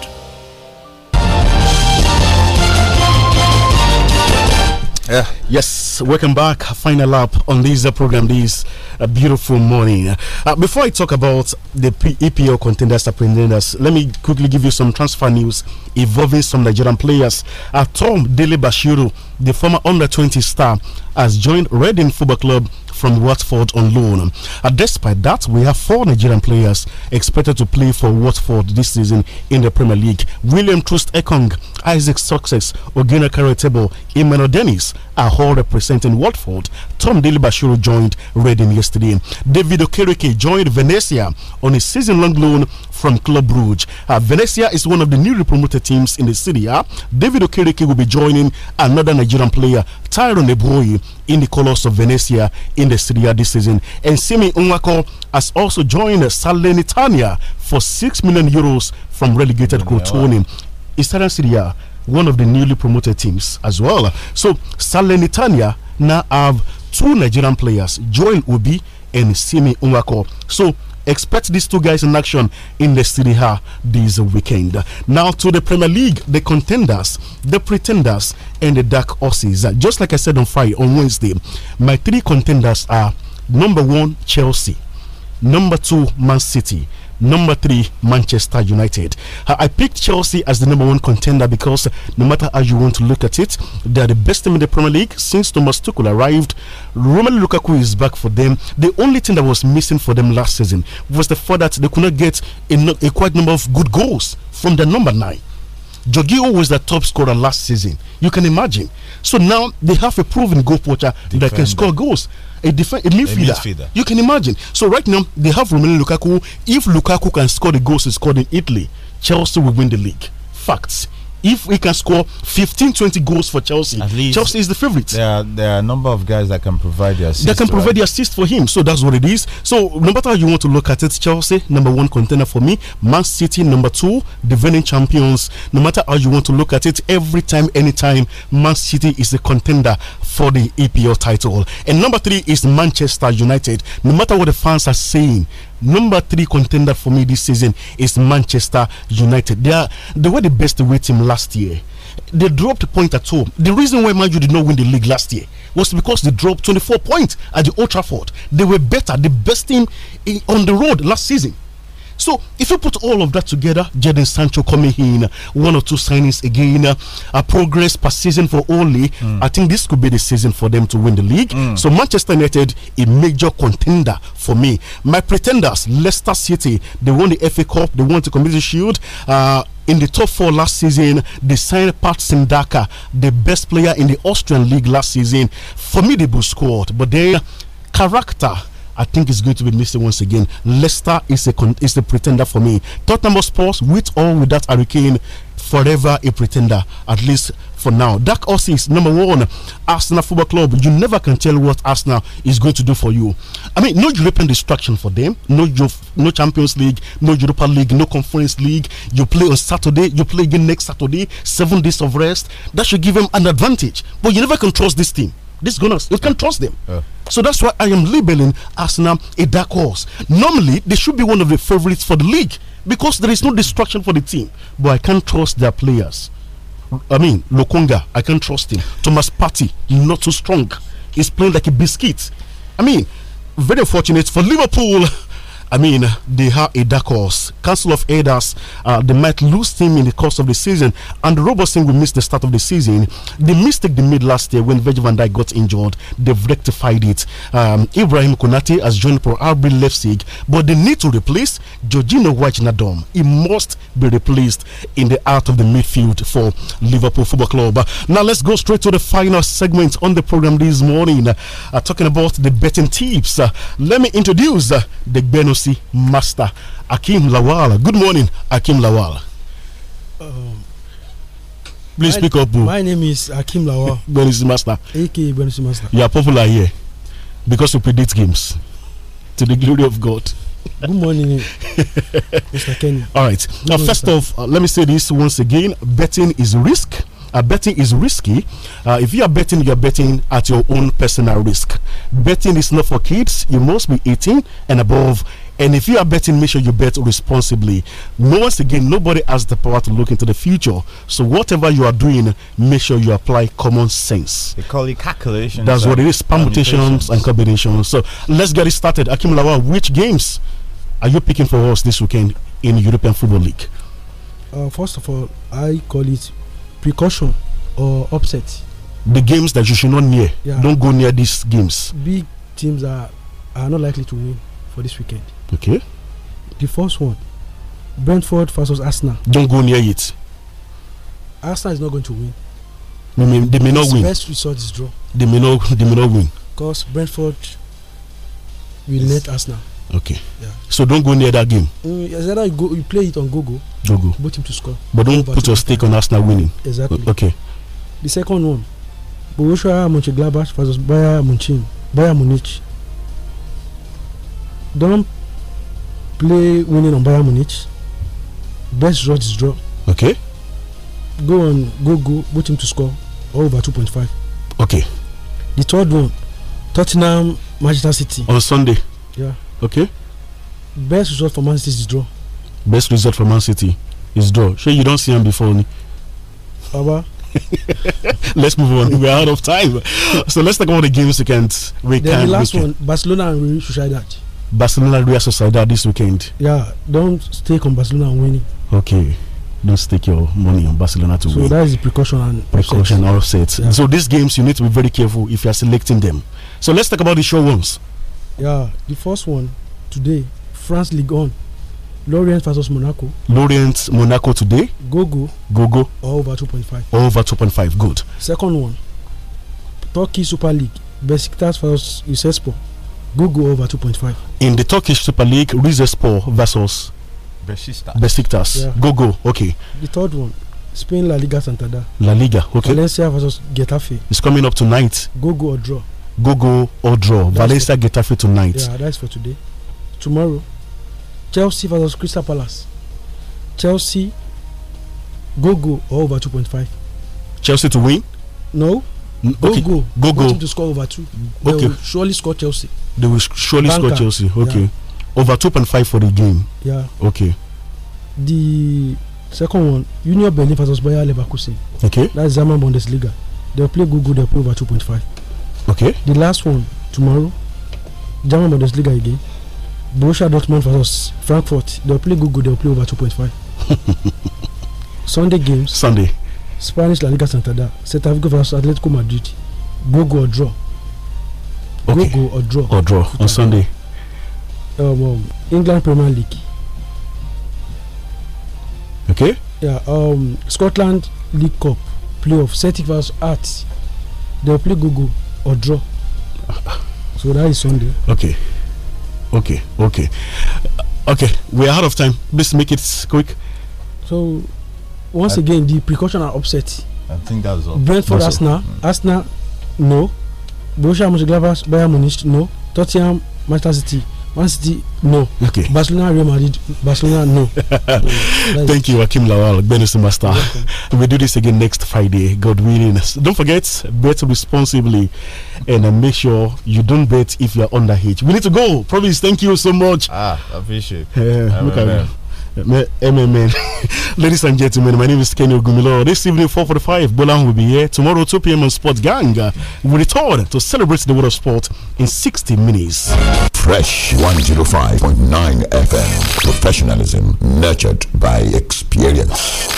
Yeah. Uh, yes, welcome back. Final lap on this uh, program this uh, beautiful morning. Uh, before I talk about the P EPO contenders let me quickly give you some transfer news involving some Nigerian players. Uh, Tom Dele Bashiru, the former under 20 star, has joined Reading Football Club from Watford on loan. Uh, despite that, we have four Nigerian players expected to play for Watford this season in the Premier League. William Trust Ekong, Isaac Success, Ogina Karetebo, Emmanuel Dennis, Ahol representing Watford. Tom Dilibashiro joined Reading yesterday. David Okereke joined Venezia on a season long loan from Club Brugge. Uh, Venezia is one of the newly promoted teams in the city. Uh, David Okereke will be joining another Nigerian player, Tyrone Eboyi, in the colours of Venezia in the Serie A this season. And Simi Unwako has also joined Salernitania for 6 million euros from relegated Crotone. Is that Serie A? one of the newly promoted teams as well. So Salernitania now have two Nigerian players, Join Obi and Simi Unwako. So expect these two guys in action in the City Ha this weekend. Now to the Premier League, the contenders, the pretenders, and the dark horses. Just like I said on Friday, on Wednesday, my three contenders are number one, Chelsea, number two, Man City, number three, Manchester United. Uh, I picked Chelsea as the number one contender because no matter how you want to look at it, they are the best team in the Premier League since Thomas Tuchel arrived. Romelu Lukaku is back for them. The only thing that was missing for them last season was the fact that they could not get a, a quite number of good goals from the number nine. Jorginho was the top scorer last season. You can imagine. So now they have a proven goal poacher that can score goals. A, defen- a, midfielder. a midfielder. You can imagine. So right now they have Romelu Lukaku. If Lukaku can score the goals he scored in Italy, Chelsea will win the league. Facts if he can score 15 20 goals for Chelsea, Chelsea is the favorite. There are, there are a number of guys that can provide the assist. That can provide right? the assist for him. So that's what it is. So, no matter how you want to look at it, Chelsea, number one contender for me, Man City, number two, defending champions. No matter how you want to look at it, every time, anytime, Man City is the contender for the EPL title. And number three is Manchester United. No matter what the fans are saying, number three contender for me this season is Manchester United. They are they were the best away team last year. They dropped point at home. The reason why Man U did not win the league last year was because they dropped 24 points at the Old Trafford. They were better, the best team on the road last season. So if you put all of that together, Jaden Sancho coming in, one or two signings again, uh, a progress per season for only. Mm. I think this could be the season for them to win the league. Mm. So Manchester United, a major contender for me. My pretenders, Leicester City, they won the FA Cup, they won the Community Shield. Uh, in the top four last season. They signed Pat Sindaka, the best player in the Austrian league last season. Formidable squad, but their character I think it's going to be missing once again. Leicester is a is a pretender for me. Tottenham Sports, with or without Hurricane, forever a pretender, at least for now. Dark horses, number one, Arsenal Football Club. You never can tell what Arsenal is going to do for you. I mean, no European distraction for them. No, no Champions League, no Europa League, no Conference League. You play on Saturday, you play again next Saturday, seven days of rest. That should give them an advantage. But you never can trust this team. This Gunners, you can trust them. Yeah. So that's why I am labeling Arsenal a dark horse. Normally, they should be one of the favorites for the league because there is no distraction for the team. But I can't trust their players. I mean, Lokonga, I can't trust him. Thomas Partey, not so strong. He's playing like a biscuit. I mean, very fortunate for Liverpool. I mean, they have a dark horse. Council of Elders, uh, they might lose him in the course of the season, and Robertson will miss the start of the season. The mistake they made last year when Virgil van Dijk got injured, they've rectified it. Um, Ibrahim Konate has joined for RB Leipzig, but they need to replace Georgino Wajnadom. He must be replaced in the heart of the midfield for Liverpool Football Club. Uh, now, let's go straight to the final segment on the program this morning, uh, talking about the betting tips. Uh, let me introduce the uh, Benos master, Akim Lawala. Good morning, Akim Lawala. Um, Please my, speak up. Bro. My name is Akim Lawal. Benusi Master. AKA Benusi Master. You are popular here because you predict games to the glory of God. Good morning, Mr. Kenny. All right. Good now, first off, uh, let me say this once again betting is risk. Uh, betting is risky. Uh, if you are betting, you are betting at your own personal risk. Betting is not for kids. You must be 18 and above and if you are betting, make sure you bet responsibly. Once again, nobody has the power to look into the future. So whatever you are doing, make sure you apply common sense. They call it calculations. That's what it is. Permutations and combinations. So let's get it started. Akim Lawa, which games are you picking for us this weekend in European Football League? Uh, first of all, I call it precaution or upset. The games that you should not near. Yeah. Don't go near these games. Big teams are are not likely to win for this weekend. Okay. The first one, Brentford versus Arsenal. Don't go near it. Arsenal is not going to win. They may, they may not best win. Best result is draw. They may not. They may not win. Because Brentford will let Arsenal. Okay. Yeah. So don't go near that game. Mm, either you, go, you play it on Google. Google. Both team to score. But don't put your stake on Arsenal winning. Exactly. okay. The second one, Borussia Mönchengladbach versus Bayern Munich. Bayern Munich. Don't play winning on Bayern Munich. Best result is draw. Okay. Go on, go, go, both him to score over 2.5. Okay. The third one, Tottenham, Manchester City. On Sunday. Yeah. Okay. Best result for Man City is draw. Best result for Man City is draw. Sure, you don't see him before. Ni? Baba. let's move on. We're out of time. So let's talk about the games we can't. We can, the last can. one, Barcelona and Real Sociedad. Barcelona Real Sociedad this weekend. Yeah, don't stake on Barcelona and winning. Okay. Don't stake your money on Barcelona to so win. So that is precaution and precaution offset. Yeah. So these games you need to be very careful if you are selecting them. So let's talk about the show ones. Yeah, the first one today, France League One. Lorient versus Monaco. Lorient Monaco today. Go Go go. Over 2.5. Over 2.5. Good. Second one. Turkey Super League. Besiktas versus Usespor. Go go over 2.5. In the Turkish Super League, Rizespor versus Besiktas. Besiktas. Yeah. Go go. Okay. The third one, Spain La Liga Santander. La Liga. Okay. Valencia versus Getafe. It's coming up tonight. Go go or draw. Go go or draw. That's Valencia for, Getafe tonight. Yeah, that's for today. Tomorrow, Chelsea versus Crystal Palace. Chelsea. Go go or over 2.5. Chelsea to win. No. Okay. Go go. Go go. to score over two. They okay. will surely score Chelsea. They will surely Banker. score Chelsea. Okay. Yeah. Over 2.5 for the game. Yeah. Okay. The second one, Union Berlin versus Bayer Leverkusen. Okay. That's German Bundesliga. They'll play Google, they'll play over 2.5. Okay. The last one, tomorrow, German Bundesliga again. Borussia Dortmund versus Frankfurt. They'll play Google, they'll play over 2.5. Sunday games. Sunday. Spanish La Liga Santander, Celta Vigo versus Atletico Madrid. Go go or draw. Okay. Go or draw. Or draw on Sunday. Um, um, England Premier League. Okay. Yeah. Um, Scotland League Cup playoff. Celtic versus Hearts. They'll play go go or draw. So that is Sunday. Okay. Okay. Okay. Okay. We're out of time. Please make it quick. So once I again, the precaution are upset. I think that's all. Brentford, that's Arsenal, mm. Arsenal, no. Borussia Mönchengladbach, Bayern Munich, no. Tottenham, Manchester City, Man City, no. Okay. Barcelona, Real Madrid, Barcelona, no. Thank you, Akim Lawal, Benison Master. we do this again next Friday, God willing. Don't forget, bet responsibly and uh, make sure you don't bet if you're underage. We need to go. Promise. Thank you so much. Ah, appreciate. Yeah, uh, MMN. Eh, Ladies and gentlemen, my name is Kenny Ogumiloro. This evening, 4.45, Bolan will be here. Tomorrow, 2 p.m. on Sports Gang. Uh, we return to celebrate the world of sport in 60 minutes. Fresh 105.9 FM. Professionalism nurtured by experience.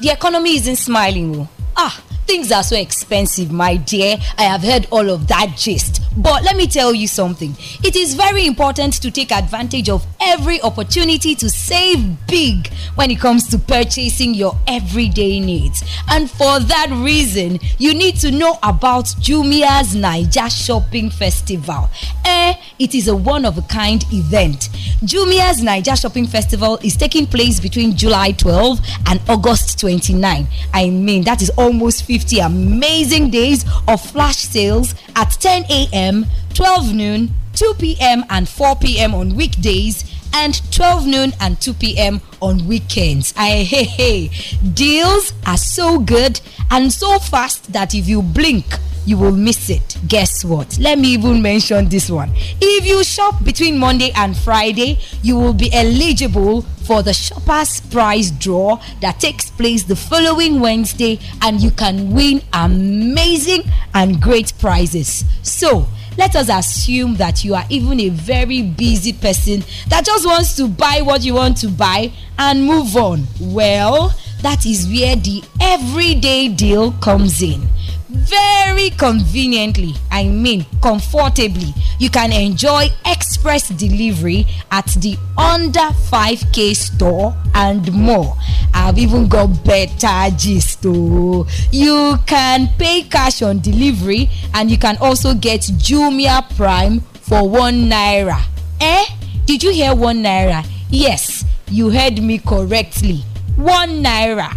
The economy isn't smiling. Oh. Ah, things are so expensive, my dear. I have heard all of that gist. But let me tell you something. It is very important to take advantage of every opportunity to save big when it comes to purchasing your everyday needs. And for that reason, you need to know about Jumia's Niger Shopping Festival. Eh, it is a one of a kind event Jumia's Niger Shopping Festival is taking place between July 12 and August 29. I mean, that is almost 50 amazing days of flash sales at 10 a.m., 12 noon, 2 p.m., and 4 p.m. on weekdays and 12 noon and 2 p.m. on weekends. I hey hey, deals are so good and so fast that if you blink, you will miss it. Guess what? Let me even mention this one. If you shop between Monday and Friday, you will be eligible for the shoppers prize draw that takes place the following Wednesday and you can win amazing and great prizes. So, let us assume that you are even a very busy person that just wants to buy what you want to buy and move on. Well, that is where the everyday deal comes in very conveniently, I mean comfortably, you can enjoy express delivery at the under 5k store and more. I've even got better gist too. Oh. You can pay cash on delivery and you can also get Jumia Prime for 1 naira. Eh? Did you hear 1 naira? Yes, you heard me correctly. 1 naira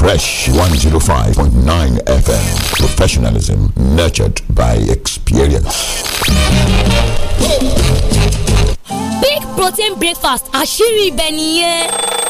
Fresh 105.9 FM. Professionalism nurtured by experience. Big protein breakfast, Ashiri ibẹ̀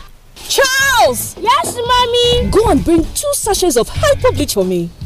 Charles! Yes, mommy! Go and bring two sachets of hyper bleach for me.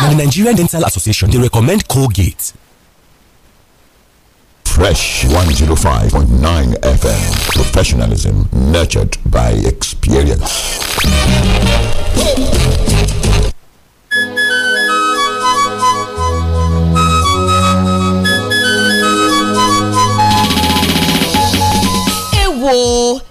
Now, the Nigerian Dental Association, they recommend Colgate. Fresh 105.9 FM. Professionalism nurtured by experience.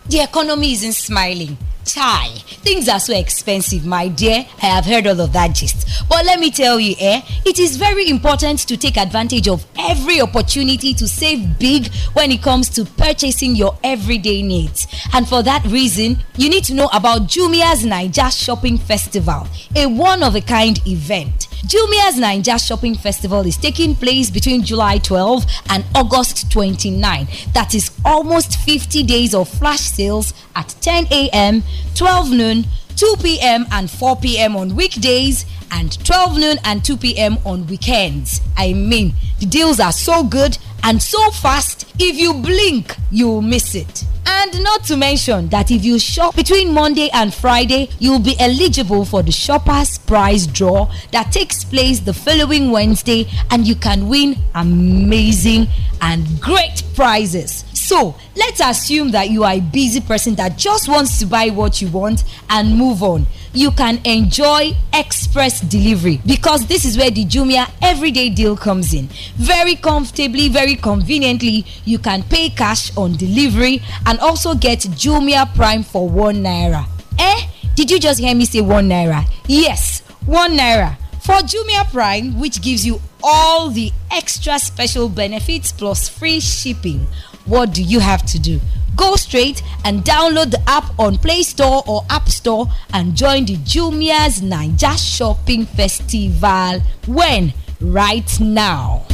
The economy isn't smiling Chai, things are so expensive, my dear. I have heard all of that gist. But let me tell you, eh, it is very important to take advantage of every opportunity to save big when it comes to purchasing your everyday needs. And for that reason, you need to know about Jumia's Niger Shopping Festival, a one of a kind event. Jumia's Ninja Shopping Festival is taking place between July 12 and August 29. That is almost 50 days of flash sales at 10 a.m., 12 noon, 2 p.m., and 4 p.m. on weekdays and 12 noon and 2 p.m. on weekends. I mean, the deals are so good and so fast if you blink you'll miss it and not to mention that if you shop between Monday and Friday, you'll be eligible for the Shoppers Prize Draw that takes place the following Wednesday, and you can win amazing and great prizes. So let's assume that you are a busy person that just wants to buy what you want and move on you can enjoy express delivery because this is where the Jumia everyday deal comes in. Very comfortably, very conveniently, you can pay cash on delivery and also get Jumia Prime for one naira. Eh? Did you just hear me say one naira? Yes, one naira. For Jumia Prime, which gives you all the extra special benefits plus free shipping what do you have to do? Go straight and download the app on Play Store or App Store and join the Jumia's Naija Shopping Festival. When? Right now.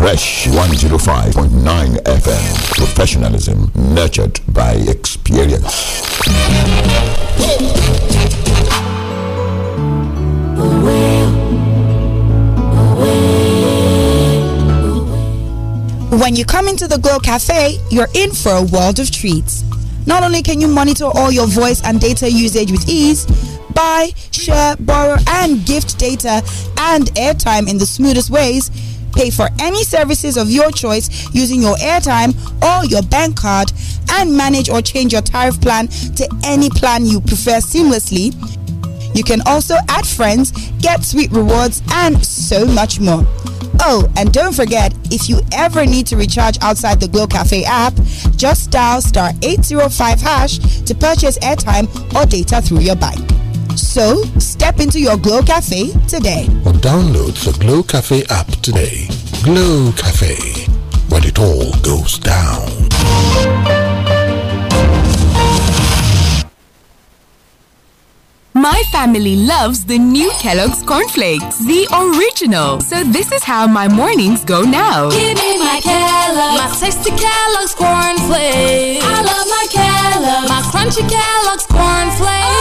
Fresh 105.9 FM. Professionalism nurtured by experience. When you come into the Glow Cafe, you're in for a world of treats. Not only can you monitor all your voice and data usage with ease, buy, share, borrow, and gift data and airtime in the smoothest ways pay for any services of your choice using your airtime or your bank card and manage or change your tariff plan to any plan you prefer seamlessly. You can also add friends, get sweet rewards, and so much more. Oh, and don't forget, if you ever need to recharge outside the Glow Cafe app, just dial star 805 hash to purchase airtime or data through your bike. So, step into your Glow Cafe today. Or download the Glow Cafe app today. Glow Cafe, when it all goes down. My family loves the new Kellogg's cornflakes, the original. So this is how my mornings go now. Give me my Kellogg's, my tasty Kellogg's cornflakes. I love my Kellogg's, my crunchy Kellogg's cornflakes. Oh,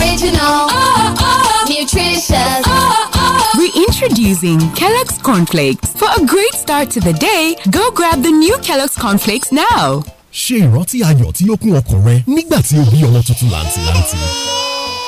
original. Oh, oh. Nutritious. Oh, oh. Reintroducing Kellogg's Cornflakes. For a great start to the day, go grab the new Kellogg's Cornflakes now. ṣe ìrántí ayọ̀ tí ó kún ọkàn rẹ nígbà tí o rí ọmọ tuntun làǹtìlanti.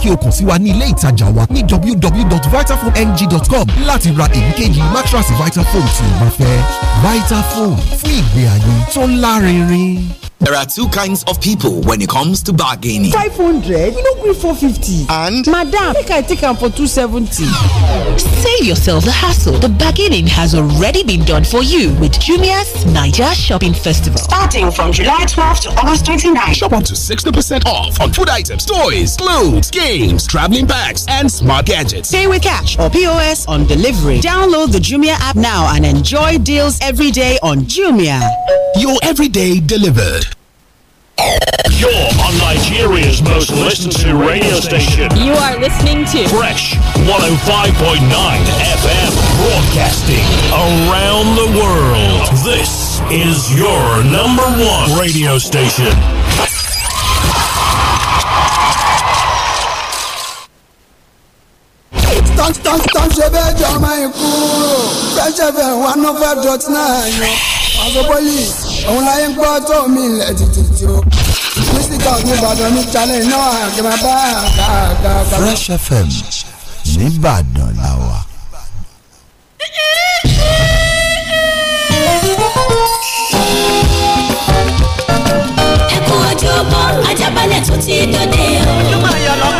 kí o kàn sí wa ní ilé ìtajà wa ní www.vitafoamng.com láti ra èyíkéyìí Vitafoam tí o bá fẹ́. Vitafoam fún ìgbé ayé tó lárinrin. There are two kinds of people when it comes to bargaining. 500? You know, four fifty. And? Madam, I can take them for 270. Save yourself the hassle. The bargaining has already been done for you with Jumia's Niger Shopping Festival. Starting from July 12th to August 29th. Shop up to 60% off on food items, toys, clothes, games games, traveling bags, and smart gadgets. Pay with cash or POS on delivery. Download the Jumia app now and enjoy deals every day on Jumia. Your everyday delivered. You're on Nigeria's most listened to radio station. You are listening to Fresh 105.9 FM broadcasting around the world. This is your number one radio station. tó ṣe bẹ́ẹ̀ jọ ọmọ ìkúrò Fresh FM one oh five dot nine yan Paso Police òun láyé ń gbọ́ tó mi ilẹ̀ títí o mísíkà òní Ìbàdàn ní challenge náà àgbẹ̀mọ̀ bá àgbà àgbà. Fresh FM nìbàdàn làwà. ẹ kú ojúbọ Ajábalẹ̀ tó ti dòde o. ojúmọ̀ ayọ̀ lọ́mọ.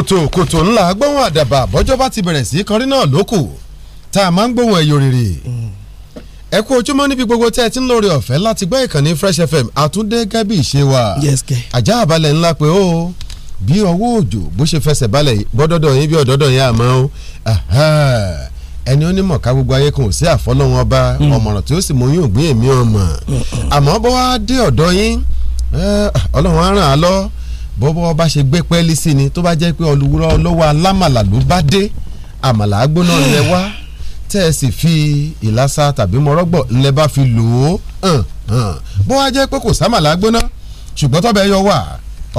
kòtòkòtò ńlá gbóhùn àdàbà bọ́jọ́ bá ti bẹ̀rẹ̀ sí kọrin náà lókù tá a máa ń gbóhùn ẹ̀yọ́ rírì. ẹ kú ojúmọ́ níbi gbogbo tẹ́ ẹ ti ń lórí ọ̀fẹ́ láti gbọ́ ìkànnì Fresh FM àtúndé gẹ́bí ìṣe wa ajá àbálẹ̀ ńlá pé ó bí ọwọ́ òjò bó ṣe fẹsẹ̀ balẹ̀ bọ́dọ́dọ̀ yín bí ọ̀dọ́dọ̀ yín àmọ́ ẹni ó ní mọ̀ká gbogbo ayé kan ò sí àfọlọ́wọn ọba mm. ọ̀mọ̀ràn tí ó sì mọyún ògbín èmi ọmọ àmọ́ bó wá dé ọ̀dọ̀ yín ọlọ́run á ràn án lọ́ọ́ bọ́bọ́ bá ṣe gbé pẹ́ẹ́lí sí ni tó bá jẹ́ pé olùwúrọ̀ lọ́wọ́ alámàlà ló bá dé àmàlà gbóná hmm. lẹ wá tẹ́ ẹ sì fi ìlàsà tàbí mọ́rọ́gbọ̀ lẹ bá fi lò ó bó wá jẹ́ pé kò sámàlà gbóná ṣùgbọ́n tọ́bẹ̀ yọ wà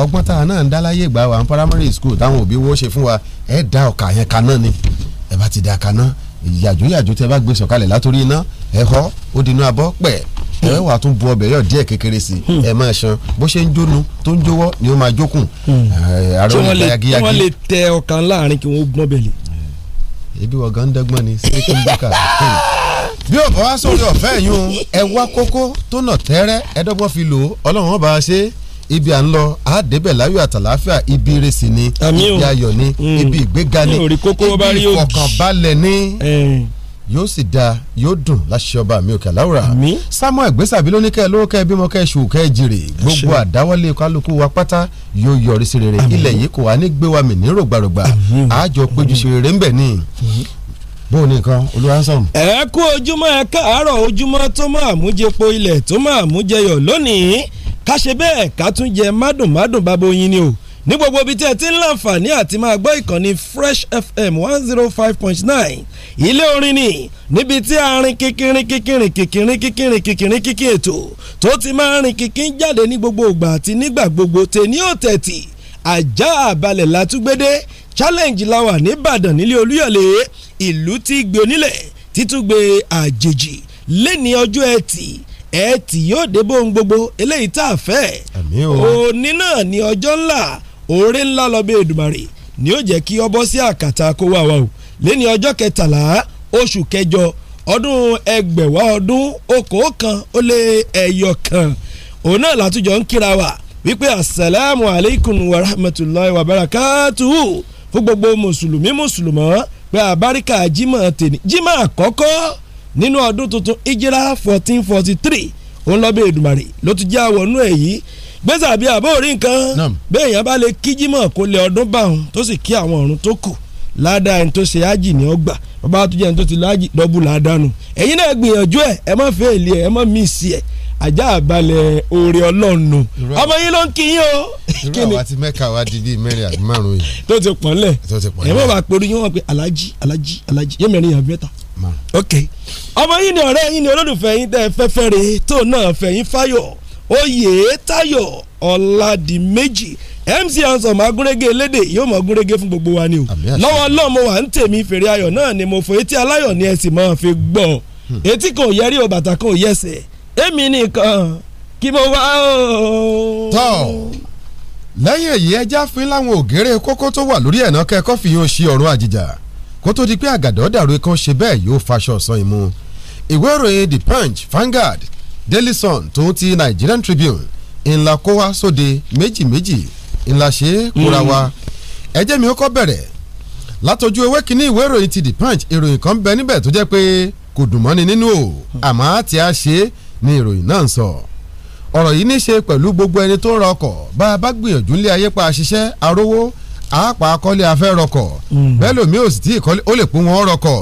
ọgbọ́n tá a náà ń dá láyé ìgbà wa primary school táwọn òbí wo ṣe fún wa ẹ dá ọkà yẹn kaná ni ẹ bá ti dá kaná yàjóyàjó tẹ bá gbé sọ̀kalẹ̀ látòrí iná ẹ họ ó dinú abọ́ pẹ̀ ẹ wà tún bu ọbẹ̀ yọ̀ díẹ̀ kékeré sí i hmm. ẹ máa ṣan bó ṣe ń jónu tó ń jówọ́ ni ó máa jókun. tí hmm. wọ́n lè tẹ ọkàn láàrin kí wọ́n gbọ́n bẹ̀lẹ̀. ebi wọ gan dẹgbọn ni sẹkùn bùkà bí o bá wá sórí ọ̀fẹ́ yìí o ẹ wá kókó tó nà tẹ́rẹ́ ẹ̀dọ́gbọ́n fi lò ó ọlọ́run ọba ṣe ibi à ń lọ á débẹ̀ láyọ̀ àtàláfíà ibi ìrẹsì ni ibi ayọ̀ ni hmm. ibi ìgbéga ni ibi ìfọkànbalẹ̀ ni yóò sì da yóò dùn láṣẹ ọba mi òkè aláwòrán sámọ ìgbésàbí ló ní kẹ lówó kẹ bímọ kẹ ṣù kẹ jèrè gbogbo àdáwọlé kálukú wa pátá yóò yọrí sí rere ilẹ̀ yìí kò wá ní gbé wa mì ní rògbàrògbà àjọ péjú sí rere ń ni bó o nìkan olùwàsàn. ẹ kú ojúmọ́ ẹ káàárọ̀ ojúmọ́ tó máa mú jẹpo ilẹ̀ tó máa mú jẹyọ̀ lónìí ká ṣe bẹ́ẹ̀ ká tún jẹ mádùnmádùn bàbá oyin ni o ní gbogbo ibi tí ẹ ti ń láǹfààní àti máa gbọ́ ìkànnì fresh fm one zero oh five point nine ilé orin ni níbi tí arin kíkìrín kíkìrín kíkìrín kíkìrín kíkìrín kíkì ètò tó ti máa rin kíkín jáde ní gbogbo ìgbà àti nígbà gbogbo tèmi ò tẹ̀tì ajá àbálẹ̀ látúgbédé challenge làwà nìbàdàn nílé olúyọ̀lé ìlú tí gbé onílẹ̀ títúgbé àjèjì lẹ́ni ọjọ́ ẹtì ẹtì yóò dé bóun gbogbo eléyìí tá a fẹ́ òní náà ni ọjọ́ ńlá oore ńlá bí Èdùmàrè ni ó jẹ́ kí ọ bọ́ sí àkàtà kó o lẹ́ni ọjọ́ kẹtàlá oṣù kẹjọ ọdún ẹgbẹ̀wá ọdún okòókan ó lé ẹyọ kan òun náà látújọ ń kíra wa wípé asalaamu wa rahmatulahi wa fún gbogbo mùsùlùmí mùsùlùmọ́ pé àbáríkà jimá tèmi jimá nínú ọdún tuntun ijira fourteen forty three òun gbèsè àbí àbó orí nǹkan béèyàn bá lè kíjímọ̀ kó lè ọdún bá òun tó sì kí àwọn ọ̀run tó kù ládàá ẹni tó ṣe ájì ní ọgbà bàbá tó jẹ́ ẹni tó ti láàjì dọ́bù ládàánu ẹ̀yin náà gbìyànjú ẹ̀ ẹ má fẹ́ èlé ẹ̀ ẹ má mí sí ẹ̀ ajá àbálẹ̀ oore ọlọ́nu ọmọ yín ló ń kí yín o. irú àwa ti mẹ́ka wa di bíi mẹ́rin àbí márùn-ún yìí. tó ti pọ̀ lẹ̀ ẹ̀ mọ̀ bá pẹ̀lú yín wọ́n pe alájí alájí alájí yé mẹ́rin yàn mẹ́ta. ok ọmọ yín ni ọ̀rẹ́ yín ni olólùfẹ́ yín tẹ́ fẹ́fẹ́ re tó náà fẹ́ yín fáyọ̀ Oyètáyọ̀ Ọládìméjì MC Anson magúnrégé elédè yóò mọ gúnrégé fún gbogbo wa ni o lọ́wọ́ náà mo wà ń tèmi fèrè ayọ̀ náà ni mo fò etí aláyọ̀ ni ẹ sì máa fi gbọ́ hmm. etí kan ò yẹrí o bàtà kan ò yẹsẹ̀ èmi nìkan kí mo wá o. tọ́ lẹ́yìn èyí ẹja fi láwọn ògèrè kókó tó wà lórí ẹ̀nà kẹ́kọ́ fi hàn sí ọ̀run àjèjà kó tó di pé àgàdọ́ dàrú kan ṣe bẹ́ẹ̀ yóò faṣọ ọ̀sán ìmú ìwé ìròyìn The Punch Vanguard Daily Sun tòun ti Nigerian Tribune ńlá kó wá sóde méjì méjì ńlá ṣe é kóra hmm. wa ẹ jẹ́ mi ó kọ́ bẹ̀rẹ̀ látọjú ewé kínní ìwé ìròyìn ti The Punch ìròyìn kan bẹ níbẹ̀ tó jẹ́ pé kò dùn mọ́ni nínú o àmọ́ àti a ṣe é ni ìròyìn náà ń sọ ọ̀rọ̀ yìí ní ṣe pẹ̀lú gbogbo ẹni tó ń ra ọkọ̀ bá a bá gbìyànjú lé ayé pa àṣiṣẹ́ arówó àápà akọ́lé afẹ́ rọkọ̀ hmm. bẹ́ẹ̀ lómi ò sì tí ì kọ́lé ó lè pé wọ́n rọkọ̀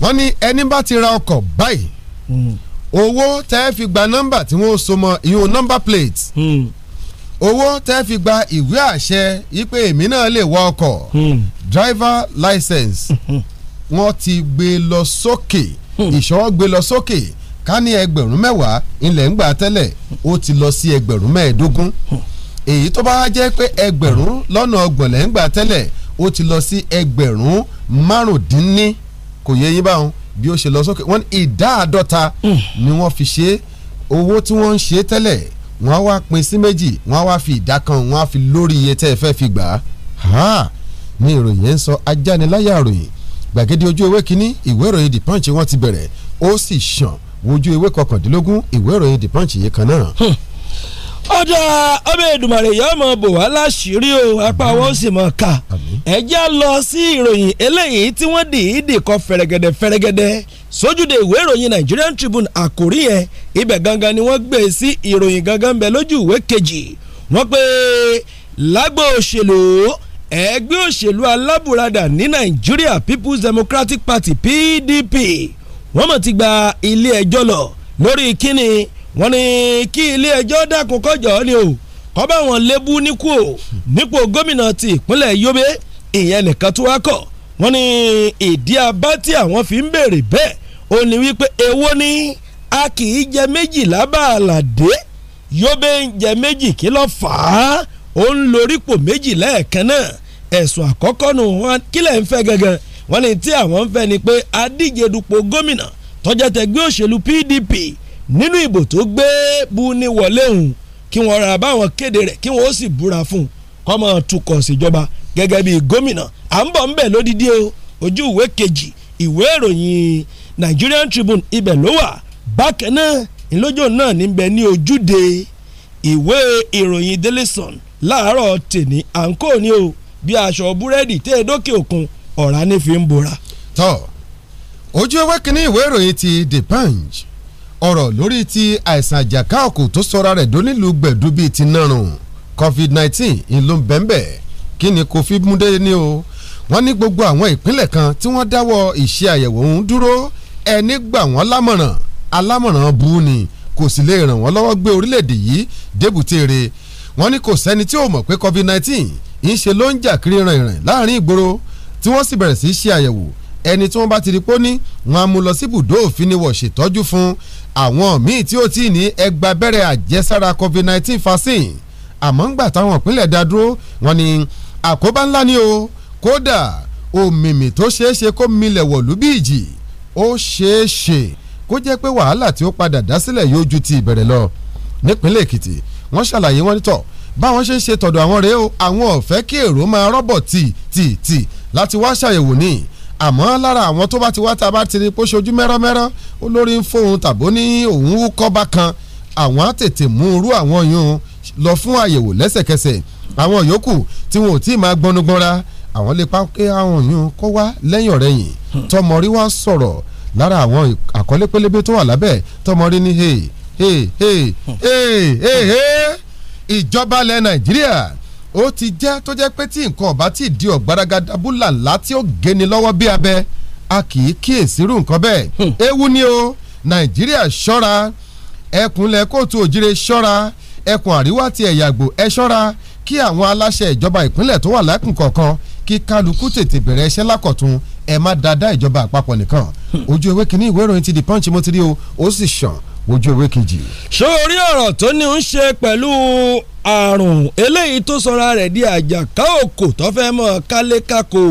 wọ́n ní ẹni bá ti ra ọkọ̀ báyìí hmm owó tẹ́ fi gba nọ́mbà tí wọ́n so mọ́ ìyún nọ́mbà plate hmm. owó tẹ́ fi gba ìwé àṣẹ ipe èmi náà lè wa ọkọ̀ hmm. driver license hmm. wọ́n ti gbé lọ sókè ìṣọ́ gbé lọ sókè ká ní ẹgbẹ̀rún mẹ́wàá ilẹ̀ ń gbà tẹ́lẹ̀ ó ti lọ sí ẹgbẹ̀rún mẹ́ẹ̀ẹ́dógún èyí tó bá jẹ́ pé ẹgbẹ̀rún lọ́nà ọgbọ̀n lẹ́ ń gbà tẹ́lẹ̀ ó ti lọ sí ẹgbẹ̀rún márùndínní kò yẹ yín báwọn bí ó ṣe lọ sókè wọ́n ìdá àádọ́ta hmm. ni wọ́n fi ṣe owó tí wọ́n ń ṣe tẹ́lẹ̀ wọ́n á wá pín sí méjì wọ́n á wá fi ìdá kan wọ́n á fi lórí iye tẹ́ ẹ fẹ́ fi gbà á ní ìròyìn yẹn ń sọ ajániláyà ròyìn gbàgede ojú ewé kínní ìwé ìròyìn the punch wọ́n ti bẹ̀rẹ̀ ó sì ṣàn wojú ewé kọkàndínlógún ìwé ìròyìn the punch yìí kan náà. Hmm ọ̀dà ọbẹ̀ Èdùmàrè yóò mọ̀ bò wá o apá wọn ó sì mọ̀ ká ẹ̀jẹ̀ lọ sí ìròyìn eléyìí tí wọ́n dì í dì kọ fẹ̀rẹ̀gẹ̀dẹ̀ fẹ̀rẹ̀gẹ̀dẹ̀ sójúde ìwé ìròyìn Nigerian Tribune àkòrí yẹn ibẹ̀ gangan ni wọ́n gbé e sí ìròyìn gangan bẹ̀ lójú ìwé kejì wọ́n pé lágbo òṣèlú ẹgbẹ́ òṣèlú alábùradà ní Nigeria People's Democratic Party PDP wọ́n mọ̀ ti gba ilé ẹjọ́ lọ lórí kíni wọ́n ní kí ilé ẹjọ́ dákun kọjọ́ ni o kọ́ wọn lébú níkù o nípò gómìnà ti ìpínlẹ̀ Yobe ìyẹn nìkan tó wá kọ̀ wọ́n ní ìdí abá tí àwọn fi ń béèrè bẹ́ẹ̀ ó ní wípé èwo ni a kì í jẹ méjì lábàládé Yobe ń jẹ méjì kí ló fà á ó ń lorípò méjì lẹ́ẹ̀kan náà ẹ̀sùn àkọ́kọ́ nù wọn kílẹ̀ ń fẹ́ gangan wọ́n ní tí àwọn ń fẹ́ ni pé adíje dupò gómìnà tọ́jà tẹ̀gbẹ́ òṣèlú PDP nínú ìbò tó gbé Buni wọlé òun kí wọn ra báwọn kéde rẹ kí wọn ó sì búra fún un kọ́mọ tukọ̀ síjọba gẹ́gẹ́ bí gómìnà à ń bọ̀ ń bẹ̀ lódìdí o ojú ìwé kejì ìwé ìròyìn Nigerian Tribune ibẹ̀ ló wà bákan náà ìlójó náà níbẹ̀ ní ojúde ìwé ìròyìn Daily Sun láàárọ̀ tèmi à ń kò ní o bí aṣọ búrẹ́dì tẹ́ ẹ dókè òkun ọ̀rá ní fi ń bora. tọ́ ojú ewé kínní ìwé ìròyìn ti The Punch ọ̀rọ̀ lórí ti àìsàn àjàká ọ̀kù tó sọra rẹ̀ dónílùú gbẹ̀dú bíi ti nàrùn covid-19 ìlú bẹ́ńbẹ́ kí ni kò fi múdé ní o wọ́n ní gbogbo àwọn ìpínlẹ̀ kan tí wọ́n dáwọ́ ìṣe àyẹ̀wò ń dúró ẹni gbà wọ́n lámọ̀ràn alámọ̀ràn bú ni kò sì lè ràn wọ́n lọ́wọ́ gbé orílẹ̀-èdè yìí débùtére wọ́n ní kò sẹ́ni tí ò mọ̀ pé covid-19 ń ṣe ló ń jà kiri rìnrìn láàrin ìgboro tí wọ́n sì bẹ̀rẹ̀ sí ṣe àyẹ̀wò ẹni tí wọ́n bá ti rí pó ní wọ́n á mú lọ sí ibùdó òfin ni wọ́n ṣètọ́jú fún àwọn míì tí ó ti ní ẹgbà abẹ́rẹ́ àjẹsára covid nineteen vaccine àmọ́ ń gbà táwọn ìpínlẹ̀ dá dúró wọ́n ní àkóbá ńlá ni o kódà òmìmì tó ṣeé ṣe kó milẹ̀ wọ̀lú bí ìjì ó ṣeé ṣe kó jẹ́ pé wàhálà tí ó padà dá sílẹ̀ yóò ju ti ìbẹ̀rẹ̀ lọ nípínlẹ̀ èkìtì wọ́n ṣàlàyé wọ́n nítọ̀ báwọn ṣe ń ṣe tọ̀dọ̀ àwọn rèé o àwọn ò kí èrò máa rọ́bọ̀ tì tì tì láti wá ṣàyẹ̀wò níì àmọ́ lára àwọn tó bá ti wá tá a bá ti rí pé ṣojú mẹ́rọ́mẹ́rọ́ olórí ń fóun tàbó ní òun ń kọ́ bá kan àwọn á tètè mú irú àwọn yòó lọ fún àyẹ̀wò lẹ́sẹ̀kẹsẹ̀ àwọn yòókù tí wọn ò tí ì máa gbọnugbọnra àwọn lè pa pé àwọn yòó kó wá lẹ́yìn ọ̀rẹ́yìn tọmọrí wá sọ̀rọ̀ lára àwọn àkọlé pélébé tó wà lábẹ́ tọmọrí ní ìjọba ilẹ̀ nàìjíríà ó ti jẹ́ tó jẹ́ pé tí nǹkan ọ̀bá ti di ọ̀gbáragadà búlàlá tí ó géni lọ́wọ́ bí abẹ a kì í kíyèsírú nǹkan bẹ́ẹ̀ hmm. ewu ni o nàìjíríà ṣọ́ra ẹkùnlẹ̀ kóòtù òjire ṣọ́ra ẹkùn àríwá ti ẹ̀yàgbò ẹ ṣọ́ra kí àwọn aláṣẹ ìjọba ìpínlẹ̀ tó wà lákùn kọ̀ọ̀kan kí kálukú tètè bẹ̀rẹ̀ iṣẹ́ lákọ̀tún ẹ má dáadáa ìjọba àpapọ̀ nìkan hmm. ojú ewé kínní ìwé ìròyìn ti di punch mo ti rí o ó sì ṣàn ojú ewé kejì. ṣé orí ọ̀rọ̀ tó ní ń ṣe pẹ̀lú àrùn eléyìí tó sọra rẹ̀ di àjàká òkò tó fẹ́ mọ́ kálékáko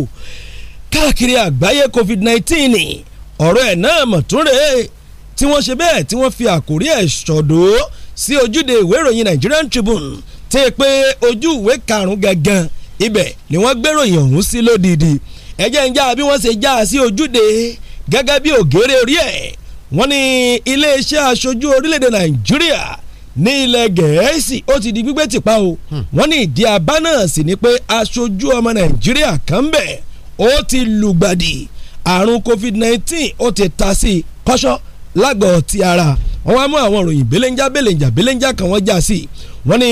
káàkiri àgbáyé covid-19 ọ̀rọ̀ ẹ̀ náà mọ̀ tún rèé tí wọ́n ṣe bẹ́ẹ̀ tí wọ́n fi àkórí ẹ̀ ṣọ̀dọ̀ sí ojúde ìwé ìròyìn Nigerian Tribune tí pé ojú ìwé karùn-ún gangan ibẹ̀ ni wọ́n gbéròyìn ọ̀hún sí lódìdí ẹ̀jẹ̀ ń já bí wọ́n ṣe já sí ojúde gẹ́gẹ́ bí ògèrè orí ẹ̀ wọ́n ní iléeṣẹ́ aṣojú orílẹ̀-èdè nàìjíríà ní ilẹ̀ gẹ̀ẹ́sì ó ti di gbígbé tìpa o hmm. wọ́n ní ìdí abá náà sì ni pé aṣojú ọmọ nàìjíríà kan bẹ̀ ó ti lùgbàdì àrùn covid-19 ó ti ta sí i kọ́ṣọ́ lágọ̀ọ́ ti ara wọ́n wá mú àwọn òròyìn belenja belenja belenja kan wọ́n já sí i wọ́n ní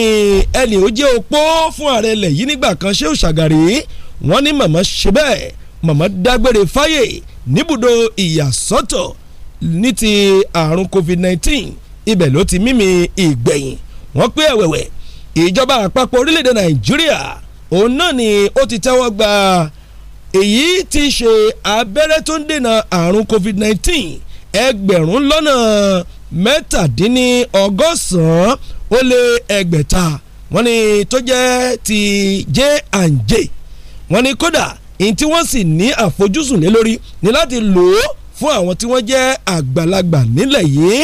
ẹnì ó jẹ́ opó fún ààrẹ ilẹ̀ yìí nígbà kan ṣé òṣàgàrí wọ́n ní màmá ṣe bẹ́ẹ̀ màmá dágbére fáyè níbùdó ìyàsọ́tọ̀ ní ti àrùn covid-19 ibẹ̀ ló ti mímì ìgbẹ̀yìn wọ́n pé ẹ̀wẹ̀wẹ̀ ìjọba àpapọ̀ orílẹ̀-èdè nàìjíríà òun náà ni ó ti tẹ́wọ́ gba èyí ti ṣe abẹ́rẹ́ tó ń dènà àrùn covid-19 ẹgbẹ̀rún lọ́nà mẹ́tàdínní ọgọ́sàn-án ó lé ẹgbẹ̀ta wọ́n ní tó jẹ́ ti j and j wọ́n ní kódà ìyìn tí wọ́n sì ní àfojúsùn lé lórí ni láti lò ó fún àwọn tí wọ́n jẹ́ àgbàlagbà nílẹ̀ yìí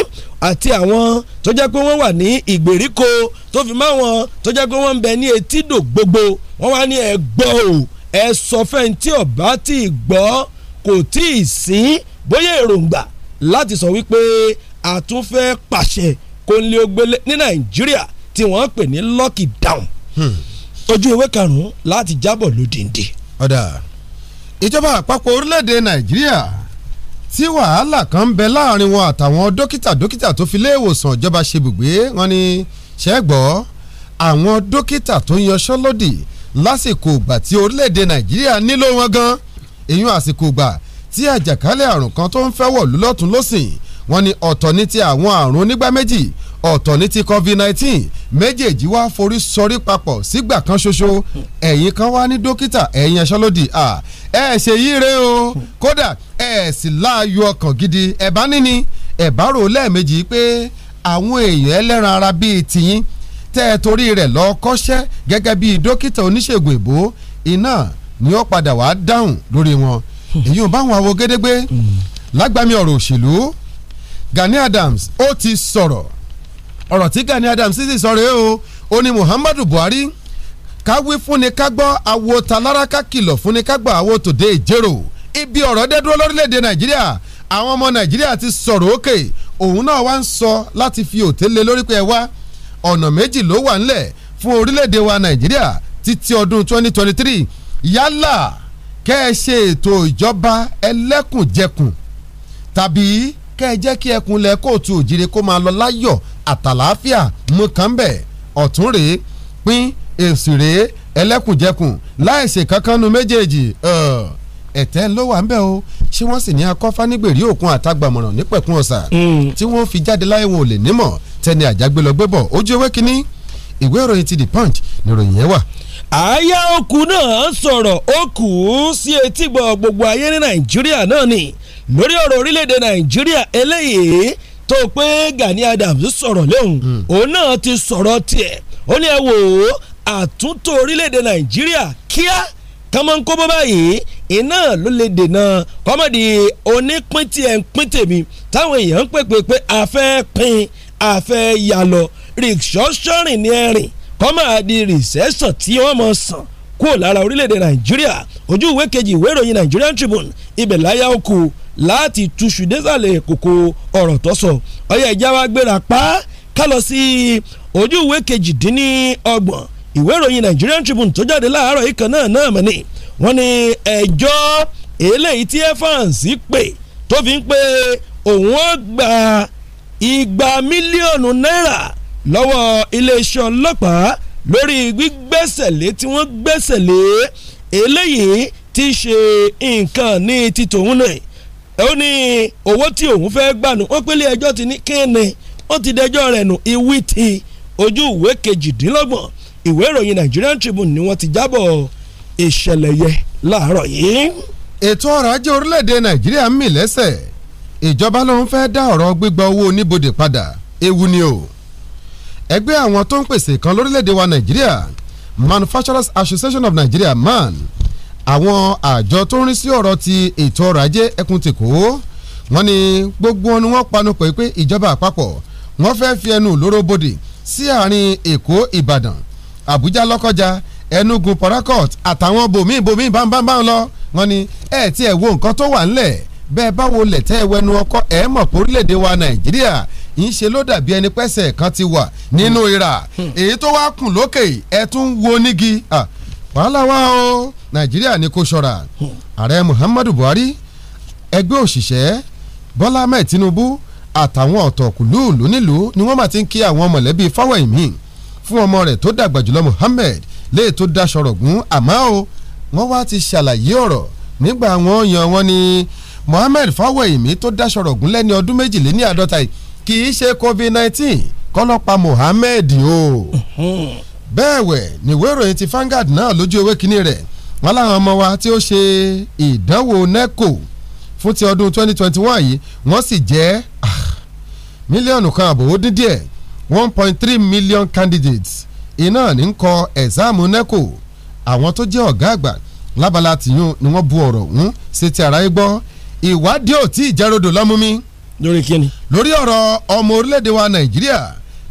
àti àwọn tó jẹ́ pé wọ́n wà ní ìgbèríko tó fi mọ́ àwọn tó jẹ́ pé wọ́n ń bẹ ní etídò gbogbo wọ́n wá ní ẹ̀gbọ́ o ẹ sọ fẹ́ni tí ọ̀bá tí ì gbọ́ kò tí ì sí bóyá èròǹgbà láti sọ wípé àtúnfẹ́ pàṣẹ kò ń lé ogbélé ní Nàìjíríà tí wọ́n ń pè ní lockdown hmm. ojú ewé karùn-ún láti jábọ̀ lódìndín. ọ̀dà ìjọba àpapọ̀ orílẹ̀-èdè Nàìjíríà tí wàhálà kan ń bẹ láàrin wọn àtàwọn dókítà dókítà tó fi léèwòsàn ìjọba ṣe bùgbé wọn ni ṣẹ́gbọ́ àwọn dókítà tó ń yọṣọ́lódì lásìkò ìgbà tí orílẹ̀-èdè nàìjíríà nílò wọn gan èyún àsìkò ìgbà tí àjàkálẹ̀ àrùn kan tó ń fẹ́ wọ̀ lọ́tún lọ́sìn wọn ni ọ̀tọ̀ ní ti àwọn àrùn onígbá méjì ọ̀tọ̀ ní ti covid-19 méjèèjì wá forí sọrí papọ̀ sígbà kan ṣoṣo ẹ̀yin kan wá ní dókítà ẹ̀yin aṣọ́lódì ẹ ṣe yí re o kódà ẹ sì láàyò ọkàn gidi ẹ bá níní ẹ bá rò lẹ́ẹ̀mejì pé àwọn èèyàn ẹlẹ́ran ara bíi tìyín tẹ́ ẹ torí rẹ̀ lọ kọ́ṣẹ́ gẹ́gẹ́ bíi dókítà oníṣègùn èbó iná ni ó padà wá dáhùn lórí wọn èyí báwọn àwo gédégbé lágbàmì ọ̀rọ̀ òṣèlú Gani Adams ó ti sọ̀rọ̀ ọ̀rọ̀ tí Gani Adams sì sọ̀rọ̀ yìí o ó ní Muhammadu Buhari ká wí fúnni ká gbọ́ àwo talára ká kìlọ̀ fúnni ká gbọ́ àwo tòde ìjérò ibi ọ̀rọ̀ dé dúró lórílẹ̀‐èdè nàìjíríà àwọn ọmọ nàìjíríà ti sọ̀rọ̀ òkè òun náà wá ń sọ láti fi òtẹ́lẹ̀ lórí pé ẹ wá ọ̀nà méjì ló wà ńlẹ̀ fún orílẹ̀‐èdè wa nàìjíríà títí ọdún 2023 yálà kẹ́ ẹ ṣe ètò ìjọba ẹlẹ́kùnjẹkùn tàbí kẹ́ ẹ jẹ́ kí ẹkùn lẹ kóòtù òjìrè kó máa lọ láyọ̀ àtàlàáfíà mú kàn bẹ̀ ọ̀tún pín èsì rèé ẹlẹ́kùnjẹkùn láìsè kankanu méjèèjì ẹ̀tẹ́ ló wà ń bẹ̀ o ṣé wọ́n sì ní akọ́fánígbèrè òkun àtàgbàmọ̀ràn nípẹ̀kun ọ̀sà hmm. tí wọ́n fi jáde láì wọn ò lè nímọ̀ tẹni àjágbélọgbé bọ̀ ojú ewé kínní ìwé ìròyìn ti the punch níròyìn yẹn wà. àyà okùn náà sọ̀rọ̀ okùn sí etí gbọ́ gbogbo ayé ní nàìjíríà náà ni lórí ọ̀rọ̀ orílẹ̀-èdè nàìjíríà eléyìí tó pé Gani Adams sọ̀rọ̀ lóhùn hmm. òun ti sọ̀rọ̀ tiẹ̀ ó àtúntò orílẹ̀-èdè nàìjíríà kíá kánmọ́ ń kó bó báyìí iná ló lè dènà kọ́mọ̀dì onípín tí ẹ̀ ń pín tèmi táwọn èèyàn ń pèpè pé a fẹ́ pín a fẹ́ yà lọ rìṣọ́ṣọ́rìn ni ẹ rìn kọ́mọ̀dì rìṣẹ́sàn tí wọ́n mọ̀ sàn kúrò lára orílẹ̀-èdè nàìjíríà ojú ìwé kejì ìwé ìròyìn Nigerian Tribune ibẹ̀ láyà ó kù láti túṣu désàlẹ̀ kòkò ọ̀rọ̀ tó sọ ọ̀yà ìjà wa gbéra pa ká lọ sí ojú ìwé kejìdínní ọgbọ̀n ìwé ìròyìn Nigerian Tribune tó jáde láàárọ̀ yìí kan náà náà mọ̀ ni wọ́n ní ẹjọ́ eléyìí tí Evans pè tó fi ń pe òun ó gba igba mílíọ̀nù náírà lọ́wọ́ iléeṣẹ́ ọlọ́pàá lórí gbígbẹ́sẹ̀ lé tí wọ́n gbẹ́sẹ̀ lé eléyìí ti ṣe nǹkan ní ti tòun náà ó ní owó tí òun fẹ́ gbà wọ́n pélé ẹjọ́ ti ní kíni wọ́n ti dẹjọ́ rẹ̀ nù ìwí ti ojú ìwé kejìdínlọ́gbọ̀n ìwé ìròyìn Nigerian Tribune ni wọ́n ti jábọ̀ ìṣẹ̀lẹ̀ yẹ láàárọ̀ yìí. ètò ọrọ̀ ajé orílẹ̀-èdè Nàìjíríà ń mì lẹ́sẹ̀ ìjọba ló ń fẹ́ dá ọ̀rọ̀ gbígba owó oníbodè padà ewu ni o ẹgbẹ́ àwọn tó ń pèsè kan lórílẹ̀-èdè wa Nàìjíríà Manufacturers Association of Nigeria MAN àwọn àjọ tó ń rí sí ọ̀rọ̀ ti ètò ọrọ̀ ajé ẹkùn tèkó wọ́n ní gbogbo wọn ni wọ́n panupọ̀ pé ìjọba àpapọ̀ wọ́n fẹ́ fi ẹnu lóró bodè sí àárín Èkó Ìbàdàn Àbújá lọ́kọ́já Ẹnugu Port-Harcourt àtàwọn bòmíì bòmíì bámbámbá lọ wọ́n ní ẹ tí ẹ wo nǹkan tó wà ńlẹ̀ bẹ́ẹ̀ báwo lẹ̀ tẹ́ ẹ wẹnu ọkọ ẹ mọ̀ pórílẹ̀-èdè wa Nàìjíríà ń ṣe ló dàbí ẹni pẹ́sẹ̀ kan ti wà nínú ìrà hmm. Hmm. èyí tó wá kùn lókè ẹ tún wo nígi wàhálà wa o Nàìjíríà ni kò ṣọ́ra hmm. ààrẹ Muhammadu Buhari ẹgbẹ́ òṣìṣẹ́ Bọ́lá Ahmed Tinubu àtàwọn ọ̀tọ̀ kùlú lónílùú ni wọ́n máa ti ń kí àwọn mọ̀lẹ́bí Fáwẹ̀hìnmí fún ọmọ rẹ̀ tó dàgbà jùlọ Mohammed léè tó daṣọ̀rọ̀ gún àmọ́ o wọ́n wá ti ṣàlàyé ọ̀rọ̀ nígbà wọn yan wọn ni Mohammed Fáwẹ̀yìnmí tó daṣọ̀rọ̀ gún lẹ́ni ọdún méjìléní àádọ́ta yìí kì í ṣe covid nineteen kọ́lọ́pàá Mohammed o bẹ́ẹ̀ wẹ̀ níwé ìròyìn ti fangad náà lójú ewé kínní rẹ̀ wọ́n láwọn ọmọ wa tí ó ṣe ìdánwò NECO fún ti ọdún 2021 yìí wọ́n sì jẹ́ ah, mílíọ̀nù kan àbòwò dín díẹ̀ one point three million candidates iná ní kọ ẹ̀sáàmù neco àwọn tó jẹ́ ọ̀gá àgbà lábala tìyún ni wọ́n bu ọ̀rọ̀ ọ̀hún sétí aráyé gbọ́ ìwádìí ò tí ì jẹ́rọ̀dọ̀ lọ́mú lórí kíni. lórí ọ̀rọ̀ ọmọ orílẹ̀-èdè wa nàìjíríà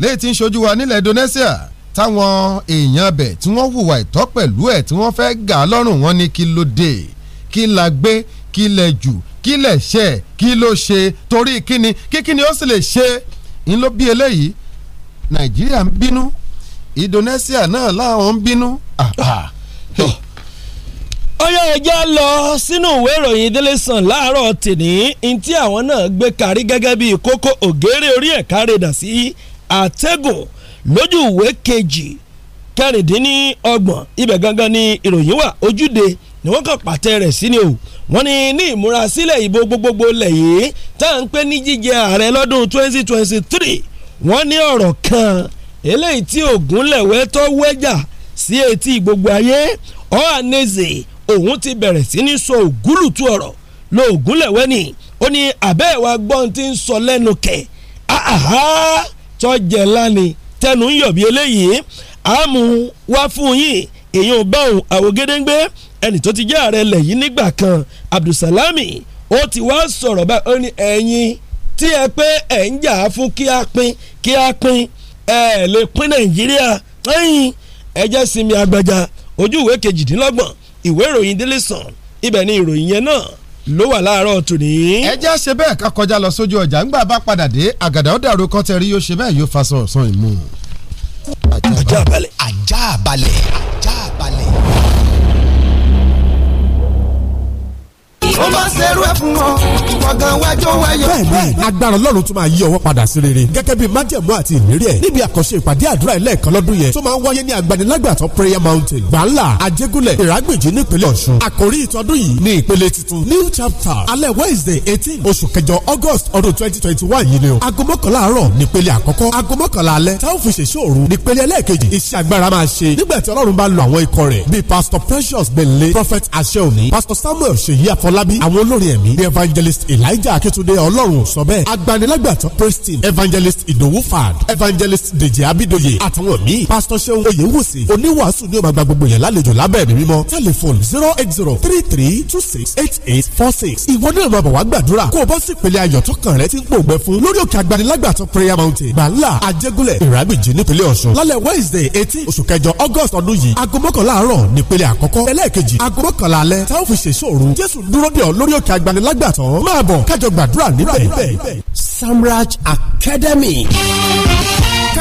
léyìí tí ń ṣojú wa nílẹ̀ indonesia táwọn èèyàn bẹ̀ tí wọ́n hùwà ìtọ́ pẹ̀lú ẹ̀ tí wọ́n fẹ́ gà á lọ́rùn wọn ní kí ló dé kí la gbé kí lẹ jù kí lẹ ṣe kí ló ṣe torí kíni kí ó sì lè ṣe ń bí eléyìí nàìjíríà ń bínú indonesia náà làwọn ń bínú. Ah, ah. ah. ọyọ ẹja lọ sínú ìwé ìròyìn délé sàn láàárọ̀ tèní ní àwọn náà gbé kárí gẹ́gẹ́ bí kókó ògèrè orí ẹ̀ka rẹ̀dà sí àtẹ́gùn lójú ìwé kejì kẹrìndínlọ́gbọ̀n ibẹ̀ gangan ni ìròyìn wà ojúde ni wọ́n kàn pàtẹ rẹ̀ sí ni o wọ́n ní ní ìmúrasílẹ̀ ìbò gbogbogbò lẹ̀ yìí tá à ń pè ní jíjẹ ààrẹ lọ́dún twenty twenty three wọ́n ní ọ̀rọ̀ kan eléyìí tí ògúnlẹ̀wẹ́ tó wẹ́jà sí etí gbogbo ayé Ohanaeze òun ti bẹ̀rẹ̀ sí ní sọ ògúlùtù ọ̀rọ̀ lo ògúnlẹ̀wẹ́ ni ó ní abẹ́ ìwà gbọ́n ti ń sọ lẹ́nu kẹ̀ àhá tọ́jẹ̀ lánìí tẹnu ń yọ̀bí eléyìí àmú wá fún yín èyí ò bá òun àwògedengbe ẹni tó ti jẹ́ ààrẹ ilẹ̀ yìí nígbà kan Abdulsalami ó ti wá sọ̀rọ̀ báyìí ó ní ẹ̀yin tí ẹ pé ẹ̀ ń jà fún kí a pín kí a pín ẹ lè pín nàìjíríà ẹ̀yìn ẹ̀jẹ̀ sinmi agbẹja ojú ìwé kejìdínlọ́gbọ̀n ìwé ìròyìn Daily Sun ibẹ̀ ni ìròyìn yẹn náà ló wà láàárọ̀ tòní. ẹ jẹ́ ṣe bẹ́ẹ̀ ká kọjá lọ sójú ọjà ńgbà bá padà dé àgàdà ó dàrú kan tẹ̀rí yóò ṣe bẹ́ẹ̀ yóò fa sọ̀rọ̀ sàn ìmú. ajá balẹ̀ ajá balẹ̀ ajá balẹ̀. ó máa ṣerú ẹ̀ fún wọn kọ̀ọ̀kan wájú wáyọ̀. bẹ́ẹ̀ni agbára Ọlọ́run tún máa yí ọwọ́ padà sí rere gẹ́gẹ́ bíi májẹ̀mú àti ìlérí ẹ̀ níbi àkànṣe ìpàdé àdúrà ẹlẹ́ẹ̀kan lọ́dún yẹn tó máa ń wáyé ní agbanilágbàtọ́ prayer mountain gbàǹlà àjẹgúnlẹ̀ ìrágbèjì nípínlẹ̀ Ọ̀ṣun àkòrí ìtọ́dún yìí ní ìpele tuntun new chapter alẹ́ wednesday eighteen oṣù kẹjọ august ọdún twenty twenty one yìí ni o aago mọ́kànlá àárọ̀ nípele àkọ́kọ́ aago mọ́kànlá alẹ́ táwọn fi ṣèṣe òru nípele ẹlẹ́ẹ̀kejì iṣẹ́ agbára máa ṣe nígbà tí Ọlọ́run bá lo àwọn ikọ̀ rẹ̀ bíi pastor precious gbẹ̀lẹ́ prophet aṣẹ́òní pastor samuel ṣèyí àfọlá ọlábí àwọn olórin ẹ̀mí ni evangelist elijah akitunde ọlọ́run sọ bẹ́ẹ̀ agbanilágbàtọ́ preston evangelist ìdòwú fad evangelist dèjì abidoye àtàwọn míì pastor seun oyewusi oníwàásù ni ó máa gba gbogbo yẹn lálejò lábẹ́ mi mímọ́ telephone zero eight zero three three two six eight eight four six ìwọ náà máa bọ̀ wá gbàdúrà kó o bọ́ sí ìpele ayọ̀ tó kàn rẹ́ ti ń pògbẹ́ fún lórí òkè agbanilágbàtọ́ prayer mountain gbàlá àjẹgúnlẹ̀ ìrábìjì nípínlẹ̀ ọ̀ṣun lálẹ́ wednesday eighteen oṣù kẹjọ august ọdún yìí aago mọ́kànlá àárọ̀ nípele àkọ́kọ́ ẹlẹ́ẹ̀kejì aago mọ́kànlá alẹ́ táwọn fi ṣèṣòro lọ́dẹ̀ lórí òkè àgbànilágbàtọ́ máa bọ̀ kájọ gbàdúrà níbẹ̀ Samraj Academy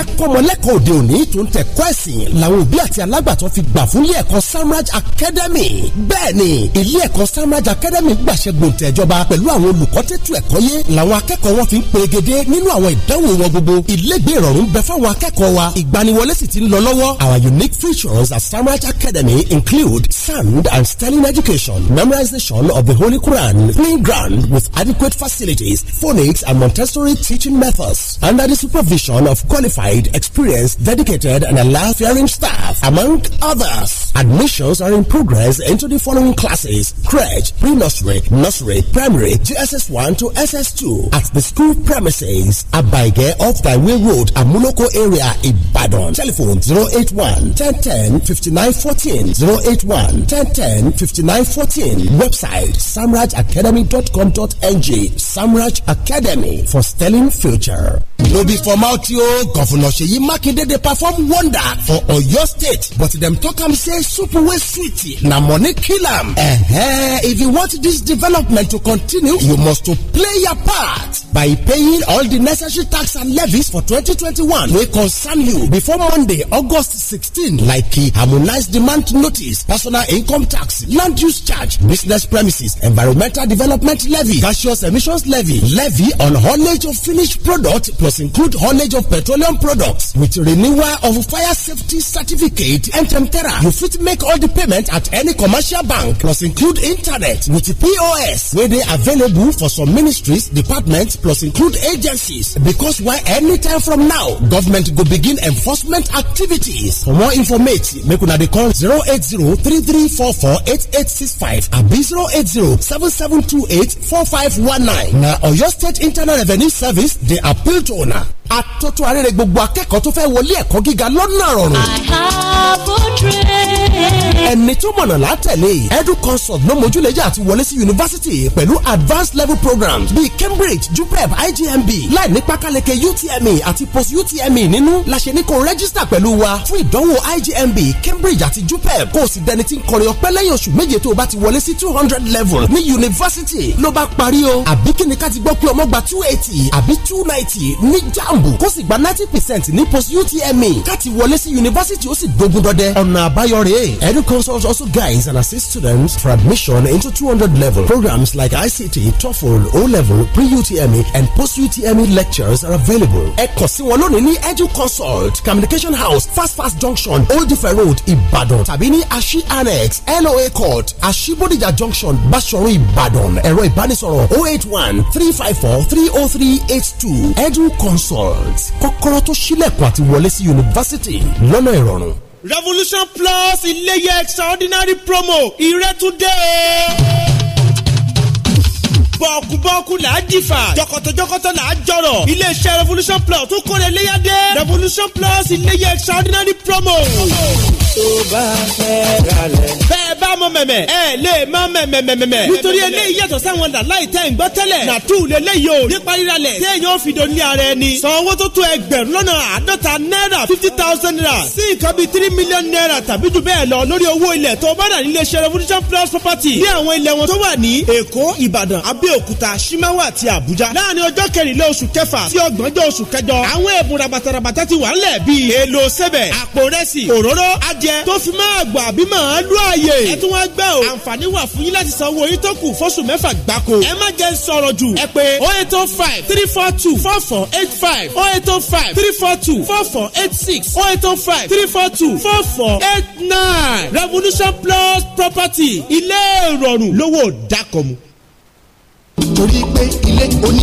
fẹ́ òde òní tó ń tẹ̀kọ́ ẹ̀sìn làwọn òbí àti alágbàtọ́ fi gbà fún ilé ẹ̀kọ́ Samraj Academy bẹ́ẹ̀ ni ilé ẹ̀kọ́ Samraj Academy gbàṣẹ gbòǹtẹ̀ ìjọba pẹ̀lú àwọn olùkọ́ tètú ẹ̀kọ́ yé làwọn akẹ́kọ̀ọ́ wọn fi ń perégedé nínú àwọn ìdánwò wọn gbogbo ilégbè ìrọ̀rùn bẹ fáwọn akẹ́kọ̀ọ́ wa ìgbaniwọlé sì ti ń lọ lọ́wọ́ our unique features at Samraj Academy include sound and sterling education memorization of the Holy Quran playground with adequate facilities phonics and Montessori teaching methods under the supervision of qualified qualified, experienced, dedicated, and a life fearing staff, among others. Admissions are in progress into the following classes: crèche, pre-nursery, nursery, primary, GSS1 to SS2 at the school premises, Abaige off Daiwe Road, Amuloko area, Ibadan. Telephone 081 1010 5914 081 1010 5914. Website samrajacademy.com.ng Samraj Academy for sterling future. Lobby for formality o, governor. and Oseyi Makinde dey perform wonder for Oyo state but dem talk am say soup wey sweet na money kill am. Uh-huh. If you want this development to continue, you must to play your part by paying all the necessary tax and levies for 2021 wey concern you before Monday, August 16, like harmonized demand notice, personal income tax, land use charge, business premises, environmental development levy, gaseous emissions levy, levy on haulage of finished product plus include haulage of petroleum products products with renewal of fire safety certificate mtmterra you fit make all the payment at any commercial bank plus include internet with pos wey dey available for some ministries departments plus include agencies because why anytime from now government go begin enforcement activities for more information make una dey call 080 3344 8865 abi five one nine. na oyo state internal revenue service dey appeal to una atótó arére gbogbo akẹ́kọ̀ọ́ tó fẹ́ wọlé ẹ̀kọ́ gíga lọ́nà rọrùn. ẹni tó mọ̀nà látẹ̀lé edu consult ló mójúlẹ́jà àti wọlé sí yunifásitì pẹ̀lú advanced level programs bíi cambridge jupeb igmb láì ní pákáleke utme àti post utme nínú la ṣe ní kó rẹ́gísítà pẹ̀lú wa fún ìdánwò igmb cambridge àti jupeb kó o sì dẹni tí ń kọrin ọpẹ́ lẹ́yìn oṣù méje tó o bá ti wọlé sí two hundred level ní yunifásitì ló bá parí o àbí kíni ká ti gbọ́ pé ọmọ gba two eighty àbí two ninety ní jambu kó sì gba ninety percent ní post utme káti wọlé sí yunifásitì ó sì dogun dọdẹ ọ̀nà àbáyọ rèé edu consult also guides and assists students for admission into two hundred level programs like ict toefl o level pre-utme and post-utme lectures are available ẹ kàn sí wọn lónìí ní edu consult communication house fast fast junction old ife road Ibadan. tàbí ní ashi annex loa court ashibodija junction basoro Ibadan. ẹ̀rọ ìbánisọ̀rọ̀ oh eight one three five four three oh three eight two edu consult. World kọ́kọ́rọ́ tó ṣílẹ̀kùn àti wọlé sí yunifásitì lọ́nà ìrọ̀rùn. Revolution Plus iléyẹ extraordinary promo ìrẹ́túndé bọ́ọ̀kú-bọ́ọ̀kú là á jìfà jọkọ̀tọ̀jọkọ̀tọ̀ là á jọ̀rọ̀ iléeṣẹ́ Revolution Plus tún kọ́ni ẹlẹ́yàdé Revolution Plus iléyẹ extraordinary promo. Oh, tó bá fẹ́ ralẹ̀. bẹ́ẹ̀ bá mọ mẹ̀mẹ̀ ẹ lè má mẹ̀mẹ̀ mẹ̀mẹ̀. nítorí eléyìí yàtọ̀ sáwọn làláì tẹ́ ń gbọ́ tẹ́lẹ̀ nàtú lélẹ́yìí o nípa rírà lẹ̀ téèyàn fi dòní ara ẹni. san owó tó tó ẹgbẹ̀rún lọ́nà àádọ́ta náírà fifty thousand naira sí nǹkan bíi three million naira tàbí jù bẹ́ẹ̀ lọ lórí owó ilẹ̀ tó bá rà nílé ṣe revolution plus property ní àwọn ilẹ̀ wọn tó wà ní èkó ìbàdàn abẹ́òkúta shimawa àti àbújá láàrin ọjọ́ kẹrìnlá oṣù kẹfà sí ọgbọ̀njọ́ oṣù kẹjọ àwọn ẹ̀bùn rabatarabata ti wà ńlẹ̀ bíi èlò sẹ́bẹ̀ àpò rẹ́sì òróró aj jẹ tó fi máa gbà bí màá lú àyè. ẹ tún wá gbẹ́ o àǹfààní wà fún yín láti sanwó yín tó kù fọ́sùn mẹ́fà gbáko. ẹ má jẹ́ sọ̀rọ̀ jù ẹ pé oh eight oh five three four two four four eight five oh eight oh five three four two four four eight six oh eight oh five three four two four four eight nine revolution plus property ilé ìrọ̀rùn lówó dákọ̀mu. torí pé ilé oní.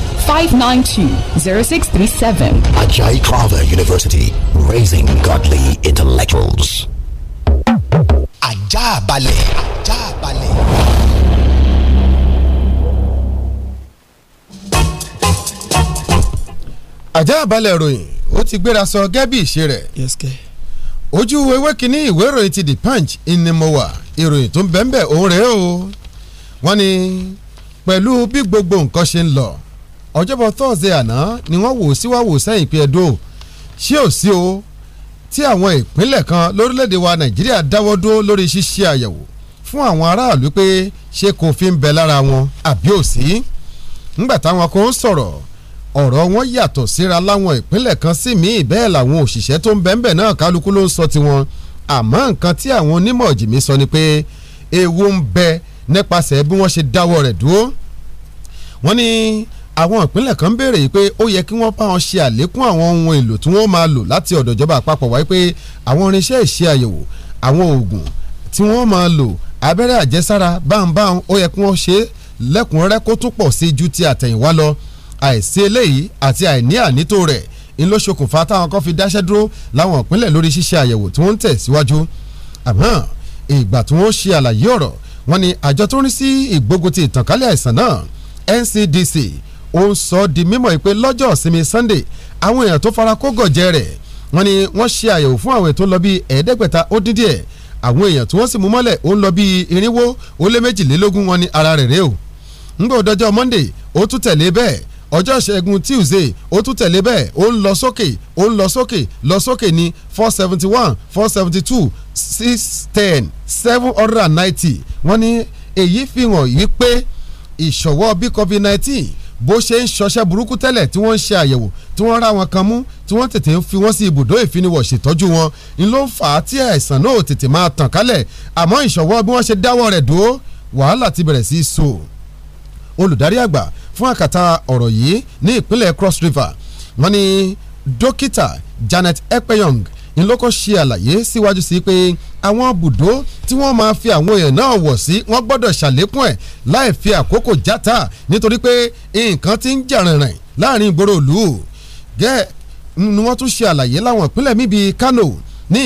592-0637. Ajay Carver University, raising godly intellectuals. Ajá balẹ̀. Ajá balẹ̀. ajá balẹ̀ ìròyìn ó ti gbéra sọ gẹ́bí ìṣe rẹ̀. ojú ewé kínní ìwé ìròyìn ti the punch ni mo wà ìròyìn tó ń bẹ́ẹ̀ bẹ́ẹ̀ òun rèé o wọ́n ní pẹ̀lú bí gbogbo nǹkan ṣe ń lọ ọjọ́bọ̀ thursday àná ni wọ́n wò sí wá wò sẹ́yìn pé ẹ̀dọ́ ṣé ò sí o tí àwọn ìpínlẹ̀ kan lórílẹ̀‐èdè wa nàìjíríà dáwọ́ dúró lórí ṣíṣe àyẹ̀wò fún àwọn aráàlú pé ṣé kòfin ń bẹ lára wọn àbí ò sí nígbà táwọn kan ń sọ̀rọ̀ ọ̀rọ̀ wọn yàtọ̀ síra láwọn ìpínlẹ̀ kan sí míì bẹ́ẹ̀ làwọn òṣìṣẹ́ tó ń bẹ́ńbẹ̀ náà kálukú ló ń sọ tiwọn àmọ́ nǹkan tí àwọn onímọ̀ jìmí sọ ni pé ewu ń bẹ nípasẹ̀ bí wọ́n ṣe dáwọ́ rẹ̀ dúró wọ́n ní àwọn ìpínlẹ̀ kan béèrè pé ó yẹ kí wọ́n bá wọn ṣe àlékún àwọn ohun èlò tí wọ́n máa lò láti ọ̀dọ̀ ìjọba àpapọ̀ wáyé pé àwọn irinṣẹ́ ìṣe àyẹ̀wò àwọn oògùn tí wọ́n máa lò abẹ́rẹ́ àjẹsára báńbáń ó yẹ kí wọ́n ṣe lẹ́kùnrẹ́rẹ́ kó tún pọ̀ sí ju ti àtẹ̀yìnwá lọ àìsí eléyìí àti àìní ànító rẹ̀ ń ló ṣokùnfà táwọn kan fi dáṣẹ́ dúró láwọn ìpínlẹ̀ lórí ṣíṣe àyẹ̀wò tí wọ́n ń tẹ̀síwájú àmọ́ ìgbà tí wọ́n ṣe àlàyé ọ̀rọ̀ wọn ni àjọ tó ń rí sí ìgbógun ìtànkálẹ̀ àìsàn náà NCDC ó ń sọ di mímọ̀ pé lọ́jọ́ ìsinmi Sunday àwọn èèyàn tó fara kó gọ̀jẹ́ rẹ̀ wọ́n ní wọ́n ṣe àyẹ̀wò fún àwọn ètò lọ bíi ẹ̀ẹ́dẹ́gbẹ̀ta ó dín díẹ̀ àwọn èèyàn tí wọ́n sì mú mọ́lẹ̀ ó ń lọ bíi irinwó ó lé méjìlélógún wọn ní ara rẹ̀ rẹ̀ o ńgbà òdọjọ́ Monday ó tún tẹ̀lé bẹ́ẹ̀ ọjọ́ ìṣẹ́gun Tuesday ó tún tẹ̀lé bẹ́ẹ̀ ó ń lọ sókè ó ń lọ sókè lọ sókè ní four seventy one four seventy two six ten seven hundred and ninety wọ́n ní èyí fi hàn pé ìṣọ̀wọ́ bí COVID nineteen bó ṣe ń ṣọṣẹ́ burúkú tẹ́lẹ̀ tí wọ́n ń ṣe àyẹ̀wò tí wọ́n rá wọn kan mú tí wọ́n tètè ń fi wọ́n sí ibùdó ìfiniwọ̀ ṣètọ́jú wọn ń ló ń fà á tí àìsàn náà tètè máa tàn kálẹ̀ àmọ́ ìṣọ̀wọ́ bí wọ́n ṣe dáwọ́ rẹ̀ dúró wàhálà ti bẹ̀rẹ̀ sí í so olùdarí àgbà fún àkàtà ọ̀rọ̀ yìí ní ìpínlẹ̀ Cross River wọ́n ní dókítà Janet Ekpeyong ń lókọ́ ṣe àlàyé síwájú sí pé àwọn ibùdó tí wọ́n máa fi àwọn èèyàn náà wọ̀ sí wọ́n gbọ́dọ̀ ṣàlékún ẹ̀ láì fi àkókò játa nítorí pé nǹkan ti ń jà láàrin ìgboro ìlú gẹ́ẹ̀ ni wọ́n tún ṣe àlàyé láwọn ìpínlẹ̀ míì bíi Kano